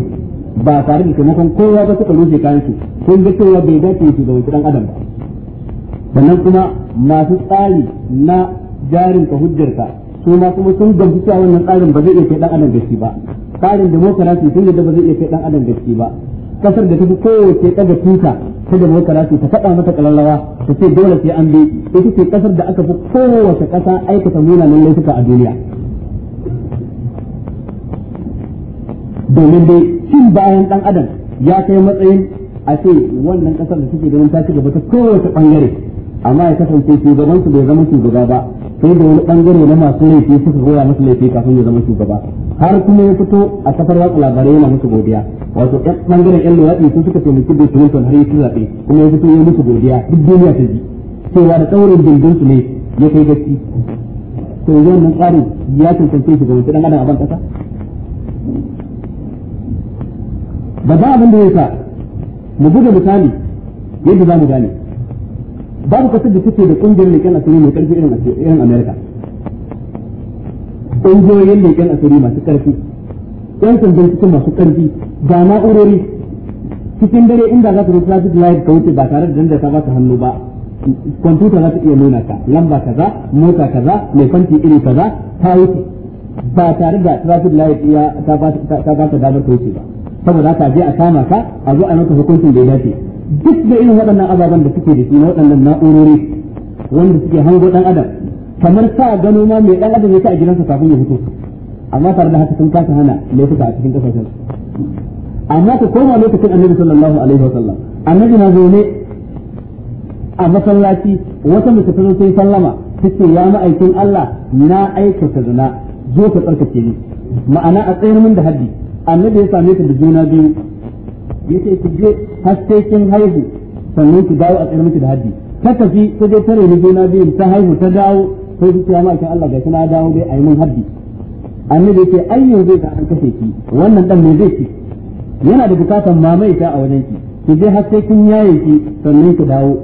ba tare da taimakon kowa ba suka rushe kayan su sun ga cewa bai dace shi ga dan adam ba sannan kuma masu tsari na jarin ka hujjarka su ma kuma sun gamsu cewa wannan tsarin ba zai iya kai dan adam da ba tsarin demokarasi sun yadda ba zai iya kai dan adam da ba kasar da tafi kowace daga tuta ta da ta faɗa mata kalalawa ta ce dole sai an bi ita ce kasar da aka fi kowace ƙasa aikata munanan laifuka a duniya domin dai cin bayan dan adam ya kai matsayin a ce wannan ƙasar da take ganin ta ci gaba ta kowace bangare amma ya kasance shugaban su bai zama shugaba ba sai da wani bangare na masu laifi suka goya masa laifi kafin ya zama shugaba har kuma ya fito a kafar watsa labarai yana musu godiya wato ɗan bangaren yan lura sun suka taimaki da tuwon har yi zaɓe kuma ya fito ya musu godiya duk duniya ta ji cewa da tsaurin dindin su ne ya kai gaci to yanzu wannan tsarin ya tantance shi ga wani dan adam a ban kasa abin da ya sa mu buga misali yadda za mu gane babu kasar da suke da kungiyar leƙen asiri mai ƙarfi irin irin Amerika ƙungiyoyin leƙen asiri masu ƙarfi ƴan sandan cikin masu ƙarfi ga na'urori cikin dare inda za su traffic light ka wuce ba tare da danda ta su hannu ba kwamfuta za su iya nuna ka lamba kaza mota kaza mai fanti iri kaza ta wuce ba tare da traffic light ya ta ba ta damar ka wuce ba saboda haka je a kama ka a zo a nuka hukuncin da ya dace duk da irin waɗannan ababen da suke da shi na waɗannan na'urori wanda suke hango ɗan adam kamar sa gano ma mai ɗan adam ya ta a gidansa kafin ya fito amma tare da haka sun kasa hana laifuka a cikin kasashen amma ka koma lokacin annabi sallallahu alaihi wa sallam annabi na zaune a masallaci wata mace ta zo sai sallama take ya ma'aikin Allah na aikata zina zo ka tsarkake ni ma'ana a tsayar min da haddi annabi ya same ta da juna biyu yace ki je har kin haihu sannan ki dawo a tsare miki da haddi ta tafi ta je tare ni juna biyu ta haihu ta dawo sai ki ce ma kin Allah ga kina dawo bai a yi haddi annabi yace ayyo zai ka an kashe ki wannan dan me zai ci yana da bukatan mamaye ta a wajen ki ki je har kin yaye ki sannan ki dawo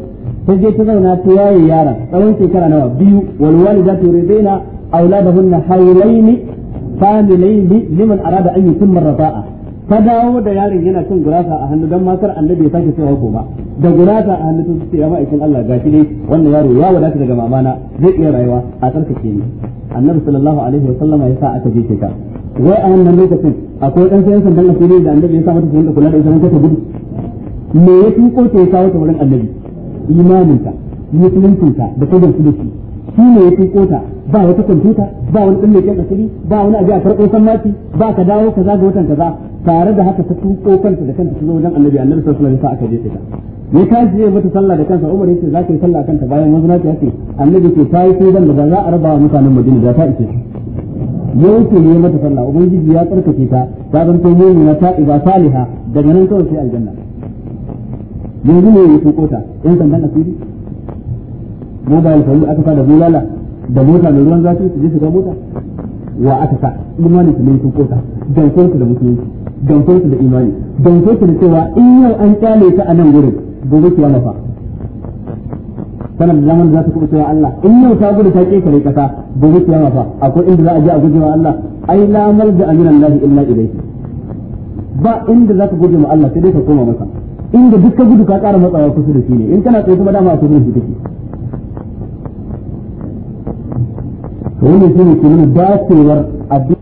ta je ta zauna ta yaye yara tsawon shekara nawa biyu wal walidatu yurdina auladahunna hawlaini kamilaini liman arada an yutimma rafa'a ta dawo da yaron yana cin gurasa a hannu don masar annabi ya sake cewa goma da gurasa a hannu sun ce ya ma'aikin Allah ga shi ne wannan yaro ya wadata daga mamana zai iya rayuwa a tsarkake ne annabi sallallahu alaihi wasallama ya sa aka je ta wai a wannan lokacin akwai dan sayan sandan asiri da annabi ya sa mata da kula da ita ta gudu me ya tuko ta ya kawo ta wurin annabi imaninta musuluncinta da kodin su da shi ne ya tuko ta ba wata kwamfuta ba wani ɗan mai asiri ba wani abu a karɓo mati ba ka dawo kaza ga watan kaza tare da haka ta tuko kanta da kanta zo wajen annabi annabi sallallahu alaihi wasallam aka je ta ne ka ji mata sallah da kansa umar yace za ka yi sallah kanta bayan wani nata yace annabi ce ta yi sai dan da za a raba wa mutanen madina da ta ice yake ne mata sallah ubangiji ya tsarkake ta ta zanto na ta iba saliha daga nan kawai sai aljanna yanzu ne ya tuko ta in sandan asiri mobile phone aka sada bulala da mota da ruwan zafi su je su ga mota wa aka sa imani su ne sun kota dankonsu da musulunci dankonsu da imani dankonsu da cewa in yau an kyale ta a nan gurin gobe kiyama fa sanar da zaman za ta kuma cewa Allah in yau ta gudu ta kekare kasa gobe kiyama fa akwai inda za a je a guje wa Allah ai da malja min Allah illa ilaihi ba inda za ka guje ma Allah sai dai ka koma masa inda duk ka gudu ka ƙara matsawa kusa da shi ne in kana tsaye kuma dama a kusa da shi kake to wannan shine ke nuna dacewar addini